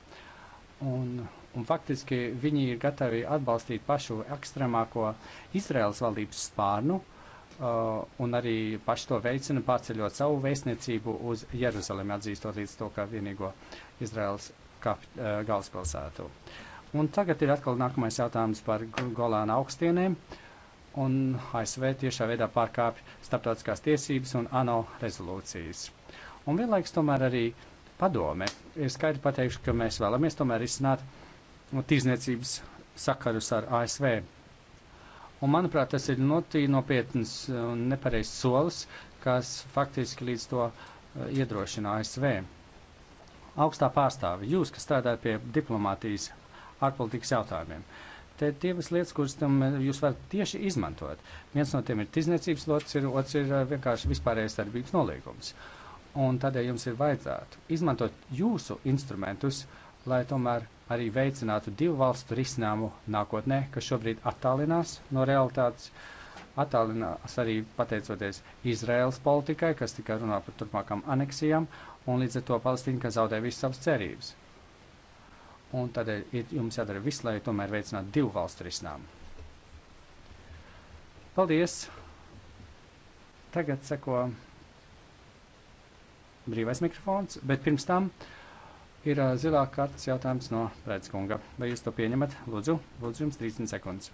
Un, un faktiski viņi ir gatavi atbalstīt pašu ekstremāko Izraels valdības spārnu, uh, Uh, un arī paši to veicina, pārceļot savu vēstniecību uz Jeruzalemi, atzīstot līdz to kā vienīgo Izraels kap, uh, galvaspilsētu. Un tagad ir atkal nākamais jautājums par Golāna augstienēm, un ASV tiešā veidā pārkāpj starptautiskās tiesības un ANO rezolūcijas. Un vienlaiks tomēr arī padome ir skaidri pateikuši, ka mēs vēlamies tomēr izsnāt nu, tīzniecības sakarus ar ASV Un, manuprāt, tas ir ļoti nopietns un nepareizs solis, kas faktiski līdz to eh, iedrošina ASV. Augstā pārstāve, jūs, kas strādājat pie diplomātijas ārpolitikas jautājumiem, te ir divas lietas, kuras tam eh, jūs varat tieši izmantot. Viens no tiem ir tirzniecības lots, ir, otrs ir eh, vienkārši vispārējais darbības nolīgums. Un tādēļ jums ir vajadzētu izmantot jūsu instrumentus, lai tomēr arī veicinātu divu valstu risinājumu nākotnē, kas šobrīd attālinās no realitātes, attālinās arī pateicoties Izraels politikai, kas tikai runā par turpmākām aneksijām, un līdz ar to Palestīna, kas zaudē visas savas cerības. Un tādēļ ir jums jādara viss, lai tomēr veicinātu divu valstu risinājumu. Paldies! Tagad seko brīvais mikrofons, bet pirms tam. Uh, ir zilā kartes jautājums no Rēdskunga. Vai jūs to pieņemat? Lūdzu, lūdzu jums 30 sekundes.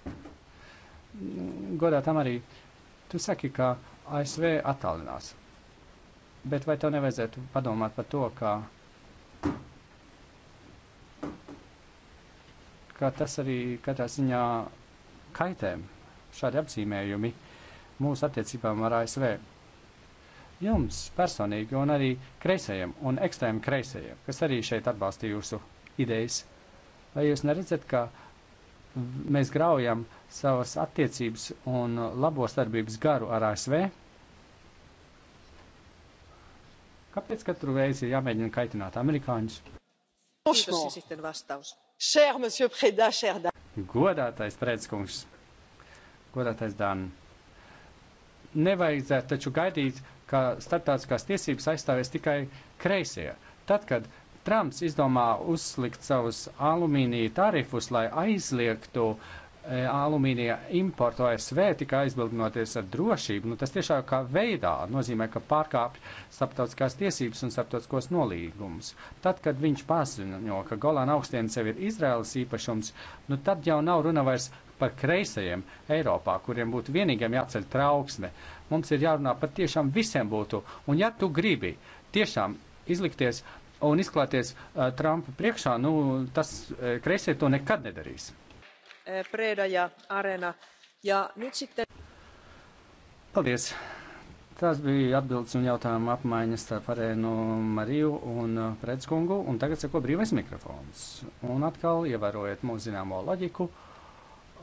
Mm, godā tam arī. Tu saki, ka ASV attālinās. Bet vai tev nevajadzētu padomāt par to, ka, ka tas arī katrā ziņā kaitēm šādi apzīmējumi mūsu attiecībām ar ASV? jums personīgi, un arī kreisajiem un ekstrēmi kreisajiem, kas arī šeit atbalsta jūsu idejas. Vai jūs neredzat, ka mēs graujam savas attiecības un labo starpības garu ar ASV? Kāpēc katru reizi ir jāmēģina kaitināt amerikāņus? Godātais Prēdskungs, godātais Dāna nevajadzētu taču gaidīt ka starptautiskās tiesības aizstāvēs tikai kreisie. Tad, kad Trumps izdomā uzlikt savus alumīnija tarifus, lai aizliegtu e, alumīnija importu ASV, tikai aizbildinoties ar drošību, nu, tas tiešām kā veidā nozīmē, ka pārkāpj starptautiskās tiesības un starptautiskos nolīgumus. Tad, kad viņš paziņo, ka Golāna augstienes jau ir Izraels īpašums, nu, tad jau nav runa vairs par kreisajiem Eiropā, kuriem būtu vienīgiem jāceļ trauksme. Mums ir jārunā par tiešām visiem būtu. Un ja tu gribi tiešām izlikties un izklāties uh, Trumpa priekšā, nu, tas uh, kreisie to nekad nedarīs. Prēda ja arēna. Ja nyt nu sitten... Paldies. Tās bija atbildes un jautājuma apmaiņas starp Arēnu Mariju un Pretskungu, un tagad seko brīvais mikrofons. Un atkal ievērojiet mūsu zināmo loģiku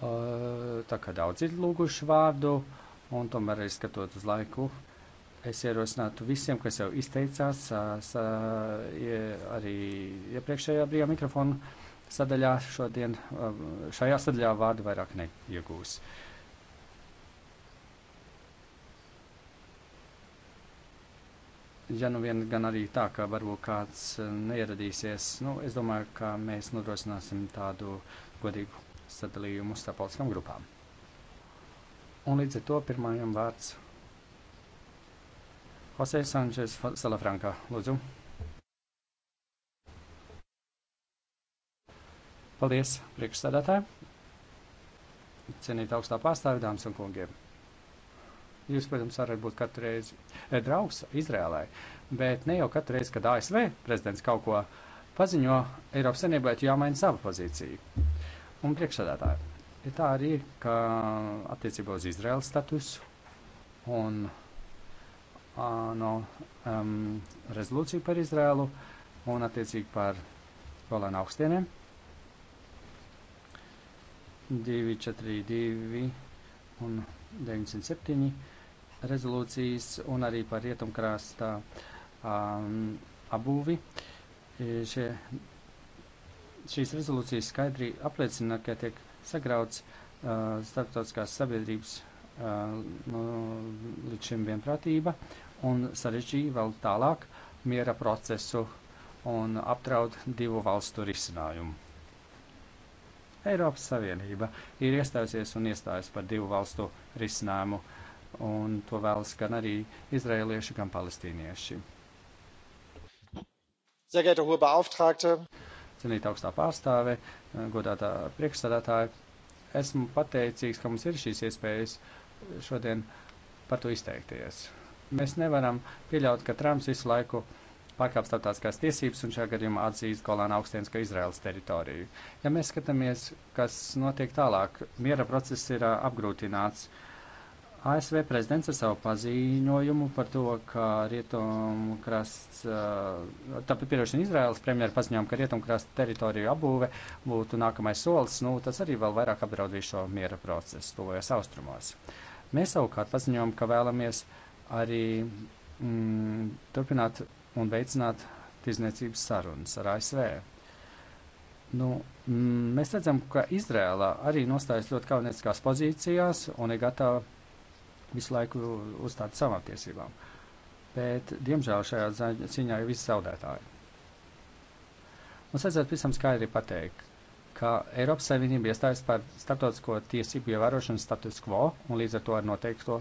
tā kā daudz ir lūguši vārdu, un tomēr arī skatot uz laiku, es ierosinātu visiem, kas jau izteicās arī iepriekšējā brīvā mikrofona sadaļā šodien, šajā sadaļā vārdu vairāk neiegūs. ja nu vien gan arī tā, ka varbūt kāds neieradīsies, nu, es domāju, ka mēs nodrošināsim tādu godīgu sadalījumu starptautiskām grupām. Un līdz ar to pirmajam vārds Jose Sančes Salafranka. Lūdzu. Paldies, priekšsēdētāji, cienīt augstā pārstāvja dāmas un kungiem. Jūs, protams, varat būt katru reizi eh, draugs Izrēlai, bet ne jau katru reizi, kad ASV prezidents kaut ko paziņo Eiropas Savienībai, jāmaina sava pozīcija. Un priekšsēdētāji, ja tā arī ir, ka attiecībā uz Izraels statusu un no um, rezolūciju par Izraelu un attiecīgi par Golāna augstieniem. 2, 4, 2 un 907 rezolūcijas un arī par rietumkrāstā um, abūvi. E, šie Šīs rezolūcijas skaidri apliecina, ka tiek sagrauts uh, starptautiskās sabiedrības uh, nu, līdz šim vienprātība un sarežģīja vēl tālāk miera procesu un apdraud divu valstu risinājumu. Eiropas Savienība ir iestājusies un iestājas par divu valstu risinājumu, un to vēlas gan arī izrēlieši, gan palestīnieši. Sehr geehrte hohe Beauftragte! cienīt augstā pārstāve, eh, godātā priekšstādātāja. Esmu pateicīgs, ka mums ir šīs iespējas šodien par to izteikties. Mēs nevaram pieļaut, ka Trumps visu laiku pārkāpj starptautiskās tiesības un šajā gadījumā atzīst Golāna augstienas kā Izraels teritoriju. Ja mēs skatāmies, kas notiek tālāk, miera process ir eh, apgrūtināts. Uh, ASV prezidents ar savu paziņojumu par to, ka rietumkrasts, tāpēc pierošana Izraels premjeru paziņojumu, ka rietumkrasta teritoriju apbūve būtu nākamais solis, nu, tas arī vēl vairāk apdraud visu šo miera procesu, tuvojas austrumos. Mēs savukārt paziņojam, ka vēlamies arī mm, turpināt un veicināt tirzniecības sarunas ar ASV. Nu, mm, mēs redzam, ka Izrēlā arī nostājas ļoti kaunieciskās pozīcijās un ir gatava visu laiku uzstāt savām tiesībām. Bet, diemžēl, šajā ziņā ir visi zaudētāji. Mums vajadzētu visam skaidri pateikt, ka Eiropas Savienība iestājas par starptautisko tiesību ievērošanu status quo un līdz ar to ar noteikto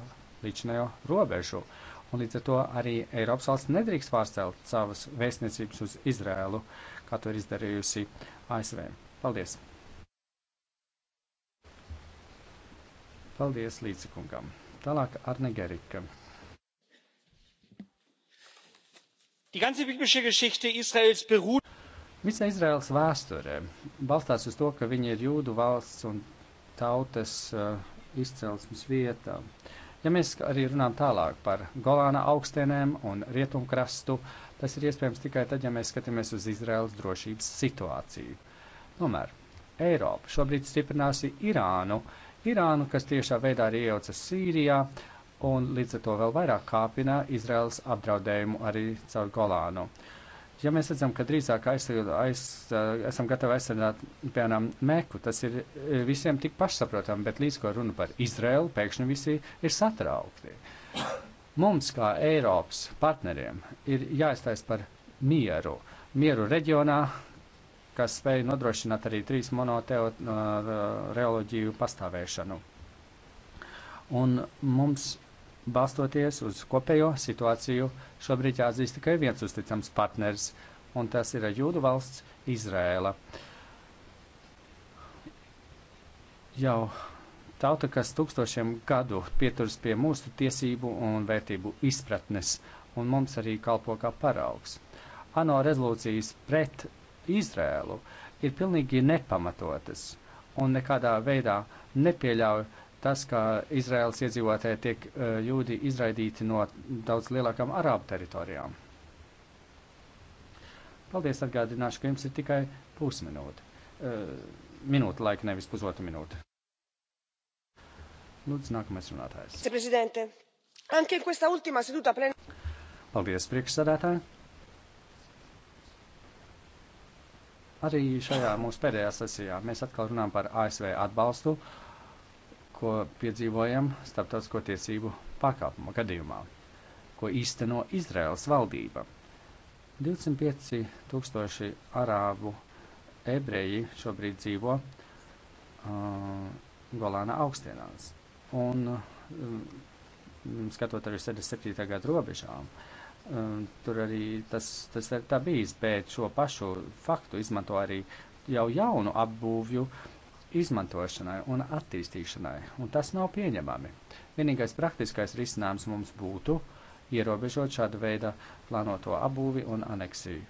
līdzinējo robežu. Un līdz ar to arī Eiropas valsts nedrīkst pārcelt savas vēstniecības uz Izrēlu, kā to ir izdarījusi ASV. Paldies! Paldies līdzekungam! Tālāk Arne Gerika. Die ganze biblische Geschichte Israels beruht. Visa Izraels vēsture balstās uz to, ka viņi ir jūdu valsts un tautas uh, izcelsmes vieta. Ja mēs arī runājam tālāk par Golāna augstenēm un rietumkrastu, tas ir iespējams tikai tad, ja mēs skatāmies uz Izraels drošības situāciju. Tomēr Eiropa šobrīd stiprināsi Irānu, uh, Irānu, kas tiešā veidā arī iejaucas Sīrijā un līdz ar to vēl vairāk kāpina Izraels apdraudējumu arī caur Golānu. Ja mēs redzam, ka drīzāk aiz, aiz, eh, esam gatavi aizsargāt, piemēram, Meku, tas ir eh, visiem tik pašsaprotami, bet līdz ko runa par Izraelu, pēkšņi visi ir satraukti. Mums, kā Eiropas partneriem, ir jāiztais par mieru. Mieru reģionā, kas spēja nodrošināt arī trīs monoteoloģiju uh, uh, pastāvēšanu. Un mums, balstoties uz kopējo situāciju, šobrīd jāatzīst tikai viens uzticams partners, un tas ir Jūdu valsts Izrēla. Jau tauta, kas tūkstošiem gadu pieturas pie mūsu tiesību un vērtību izpratnes, un mums arī kalpo kā paraugs. ANO rezolūcijas pret Izrēlu, ir pilnīgi nepamatotas un nekādā veidā nepieļauj tas, ka Izraels iedzīvotāji tiek jūdi e, izraidīti no daudz lielākām arābu teritorijām. Paldies, atgādināšu, ka jums ir tikai pusminūte. E, minūte laika, nevis pusotra minūte. Lūdzu, nākamais runātājs. Paldies, priekšsādātāji! Arī šajā mūsu pēdējā sesijā mēs atkal runājam par ASV atbalstu, ko piedzīvojam starptautisko tiesību pakāpuma gadījumā, ko īsteno Izraels valdība. 25 tūkstoši arābu ebreji šobrīd dzīvo uh, Golāna augstienās. Un, um, skatot arī 67. gadu robežām, uh, Um, tur arī tas, tas ir tā bijis, bet šo pašu faktu izmanto arī jau jaunu apbūvju izmantošanai un attīstīšanai, un tas nav pieņemami. Vienīgais praktiskais risinājums mums būtu ierobežot šādu veidu plānoto apbūvi un aneksiju.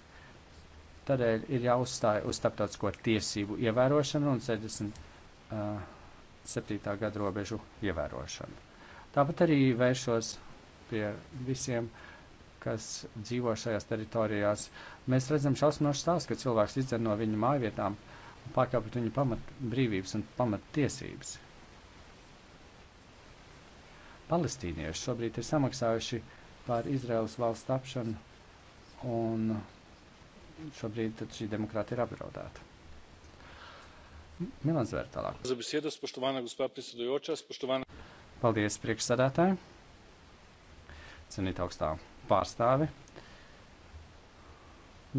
Tādēļ ir jāuzstāj uz starptautisko tiesību ievērošanu un 67. gada robežu ievērošanu. Tāpat arī vēršos pie visiem uh, kas dzīvo šajās teritorijās. Mēs redzam šausminošu stāstu, ka cilvēks izdzer no viņu mājvietām un pārkāpj viņu pamat brīvības un pamat tiesības. Palestīnieši šobrīd ir samaksājuši par Izraels valsts tapšanu, un šobrīd šī demokrātija ir apdraudēta. Milans Zvēr tālāk. Paldies priekšsādātāji! Cenīt augstāk! pārstāvi.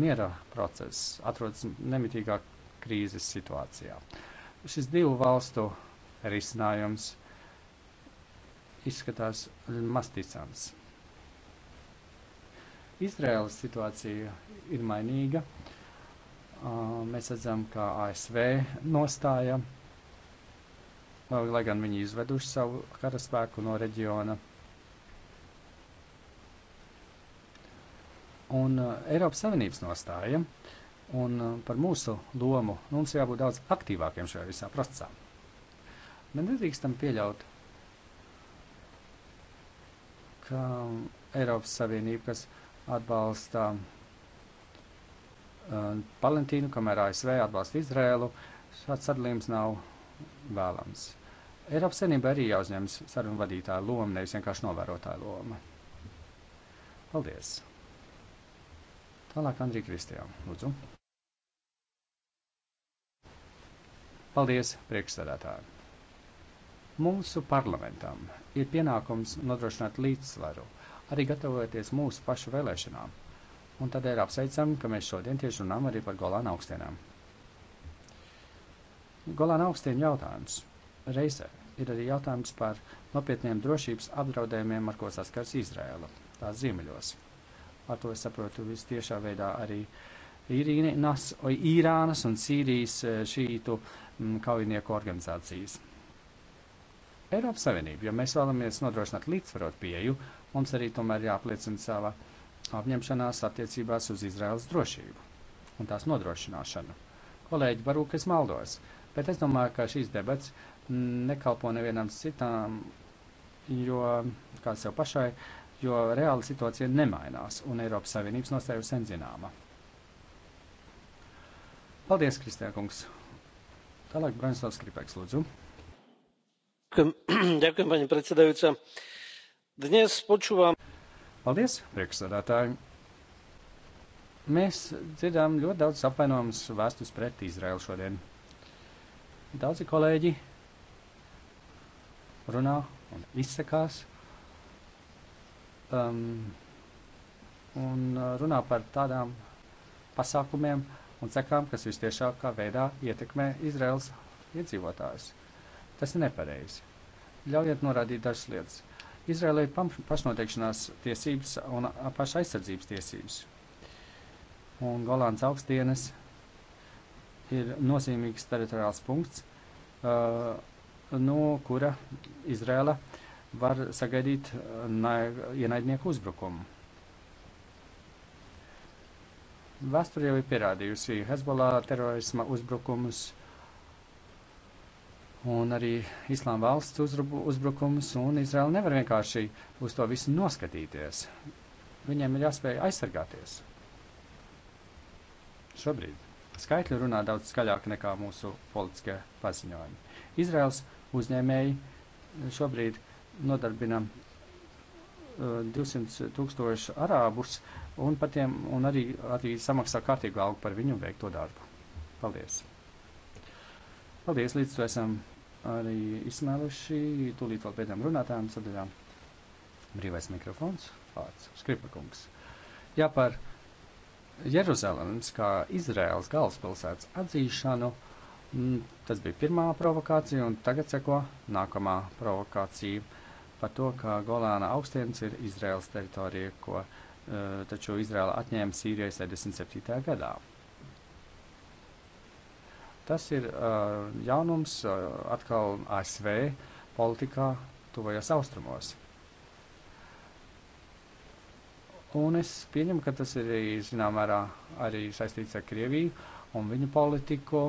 Miera process atrodas nemitīgā krīzes situācijā. Šis divu valstu risinājums izskatās masticams. Izraēlas situācija ir mainīga. Mēs redzam, ka ASV nostāja, lai gan viņi izveduši savu karaspēku no reģiona, un uh, Eiropas Savienības nostāja un uh, par mūsu lomu. Mums jābūt daudz aktīvākiem šajā visā procesā. Mēs nedrīkstam pieļaut, ka Eiropas Savienība, kas atbalsta uh, Palentīnu, kamēr ASV atbalsta Izrēlu, šāds sadalījums nav vēlams. Eiropas Savienība arī jāuzņemas sarunu vadītāja loma, nevis vienkārši novērotāja loma. Paldies! Tālāk Andrija Kristijā, lūdzu. Paldies, priekšsēdētāji! Mūsu parlamentam ir pienākums nodrošināt līdzsvaru, arī gatavoties mūsu pašu vēlēšanām, un tādēļ apsveicam, ka mēs šodien tieši runām arī par Golāna augstienām. Golāna augstienu jautājums reizē ir arī jautājums par nopietniem drošības apdraudējumiem, ar ko saskars Izrēla, tās ziemeļos ar to es saprotu vistiešā veidā arī Irīnas, Irānas un Sīrijas eh, šītu mm, kaujinieku organizācijas. Eiropas Savienība, ja mēs vēlamies nodrošināt līdzsvarot pieju, mums arī tomēr jāpliecina sava apņemšanās attiecībās uz Izraels drošību un tās nodrošināšanu. Kolēģi, varbūt es maldos, bet es domāju, ka šīs debats mm, nekalpo nevienam citām, jo kā sev pašai jo reāla situācija nemainās, un Eiropas Savienības nostāja ir senzināma. Paldies, Kristē kungs! Tālāk Branislavs Kripeks, lūdzu. Ďakujem, pani predsedajúca. Dnes počúvam... Paldies, priekšsādātāji! Mēs dzirdām ļoti daudz apvainojumus vēstus pret Izraelu šodien. Daudzi kolēģi runā un izsakās um, un uh, runā par tādām pasākumiem un sekām, kas visciešākā veidā ietekmē Izraels iedzīvotājus. Tas ir nepareizi. Ļaujiet norādīt dažas lietas. Izraēlē ir pašnoteikšanās tiesības un uh, paša aizsardzības tiesības. Un Golāns augstdienas ir nozīmīgs teritoriāls punkts, uh, no kura Izraela uh, var sagaidīt ienaidnieku eh, uzbrukumu. Vēsture jau ir pierādījusi Hezbollah terorisma uzbrukumus un arī Islāma valsts uzbrukumus, un Izraela nevar vienkārši uz to visu noskatīties. Viņiem ir jāspēj aizsargāties. Šobrīd skaitļi runā daudz skaļāk nekā mūsu politiskie paziņojumi. Izraels uzņēmēji šobrīd nodarbina 200 uh, tūkstoši arābus un, patiem, un arī, arī samaksā kārtīgu algu par viņu veikto darbu. Paldies! Paldies, līdz to esam arī izsmēluši. Tūlīt vēl pēdējām runātājām sadaļām. Brīvais mikrofons, vārds, skripakungs. Jā, par Jeruzalemes kā Izraels galvaspilsētas atzīšanu. Mm, tas bija pirmā provokācija, un tagad seko nākamā provokācija par to, ka Golāna augstienes ir Izraels teritorija, ko eh, taču Izraela atņēma Sīrijai 77. gadā. Tas ir uh, jaunums uh, atkal ASV politikā tuvajos austrumos. Un es pieņemu, ka tas ir, zinām, mērā arī saistīts ar Krieviju un viņu politiku,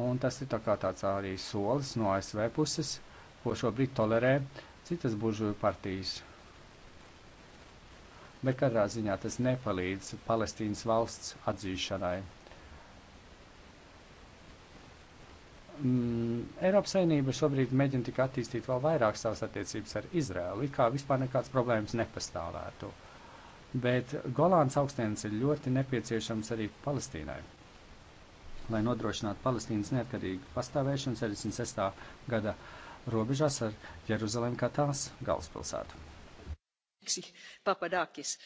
un tas ir tā kā tāds arī solis no ASV puses, ko šobrīd tolerē uh, citas buržuju partijas. Bet katrā ziņā tas nepalīdz Palestīnas valsts atzīšanai. Mm, Eiropas Savienība šobrīd mēģina tikai attīstīt vēl vairāk savas attiecības ar Izraēlu, it kā vispār nekādas problēmas nepastāvētu. Bet Golāns augstienis ir ļoti nepieciešams arī Palestīnai. Lai nodrošinātu Palestīnas neatkarīgu pastāvēšanu 76. gada uh, robežās ar Jeruzalemi kā tās galvaspilsētu. Papadakis.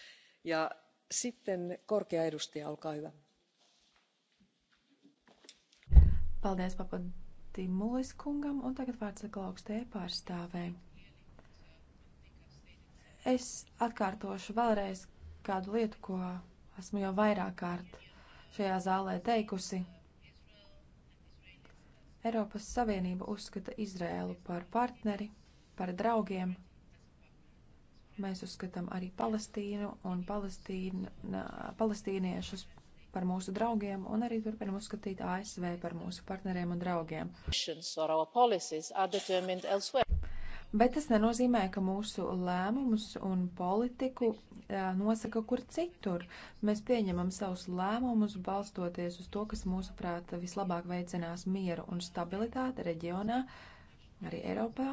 Ja sitten korkea edustaja, olkaa hyvä. Paldies, Papadimulis kungam, un tagad vārds klaukstē pārstāvē. Es atkārtošu vēlreiz kādu lietu, ko esmu jau vairāk kārt šajā zālē teikusi. Eiropas Savienība uzskata Izrēlu par partneri, par draugiem. Mēs uzskatām arī Palestīnu un Palestīna, palestīniešus par mūsu draugiem un arī turpinam uzskatīt ASV par mūsu partneriem un draugiem. Bet tas nenozīmē, ka mūsu lēmumus un politiku nosaka kur citur. Mēs pieņemam savus lēmumus balstoties uz to, kas mūsuprāt vislabāk veicinās mieru un stabilitāti reģionā, arī Eiropā,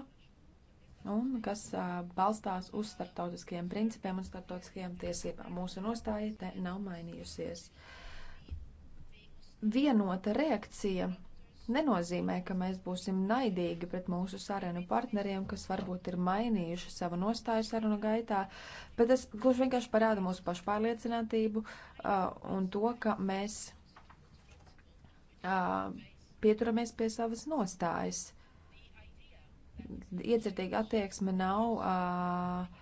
un kas balstās uz starptautiskajiem principiem un starptautiskajām tiesībām. Mūsu nostāja te nav mainījusies. Vienota reakcija nenozīmē, ka mēs būsim naidīgi pret mūsu sarunu partneriem, kas varbūt ir mainījuši savu nostāju sarunu gaitā, bet tas gluži vienkārši parāda mūsu pašpārliecinātību uh, un to, ka mēs uh, pieturamies pie savas nostājas. Iedzirdīga attieksme nav uh,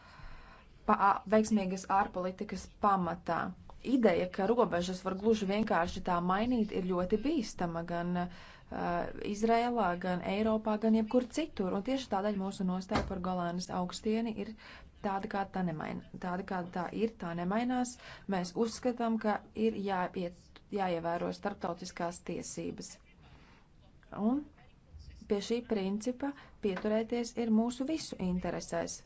pa, veiksmīgas ārpolitikas pamatā ideja, ka robežas var gluži vienkārši tā mainīt, ir ļoti bīstama gan uh, Eh, Izrēlā, gan Eiropā, gan jebkur citur. Un tieši tādēļ mūsu nostāja par Golānas augstieni ir tāda, kā tā, nemain, tāda, kā tā ir, tā nemainās. Mēs uzskatām, ka ir jāiet, jāievēro starptautiskās tiesības. Un pie šī principa pieturēties ir mūsu visu interesēs.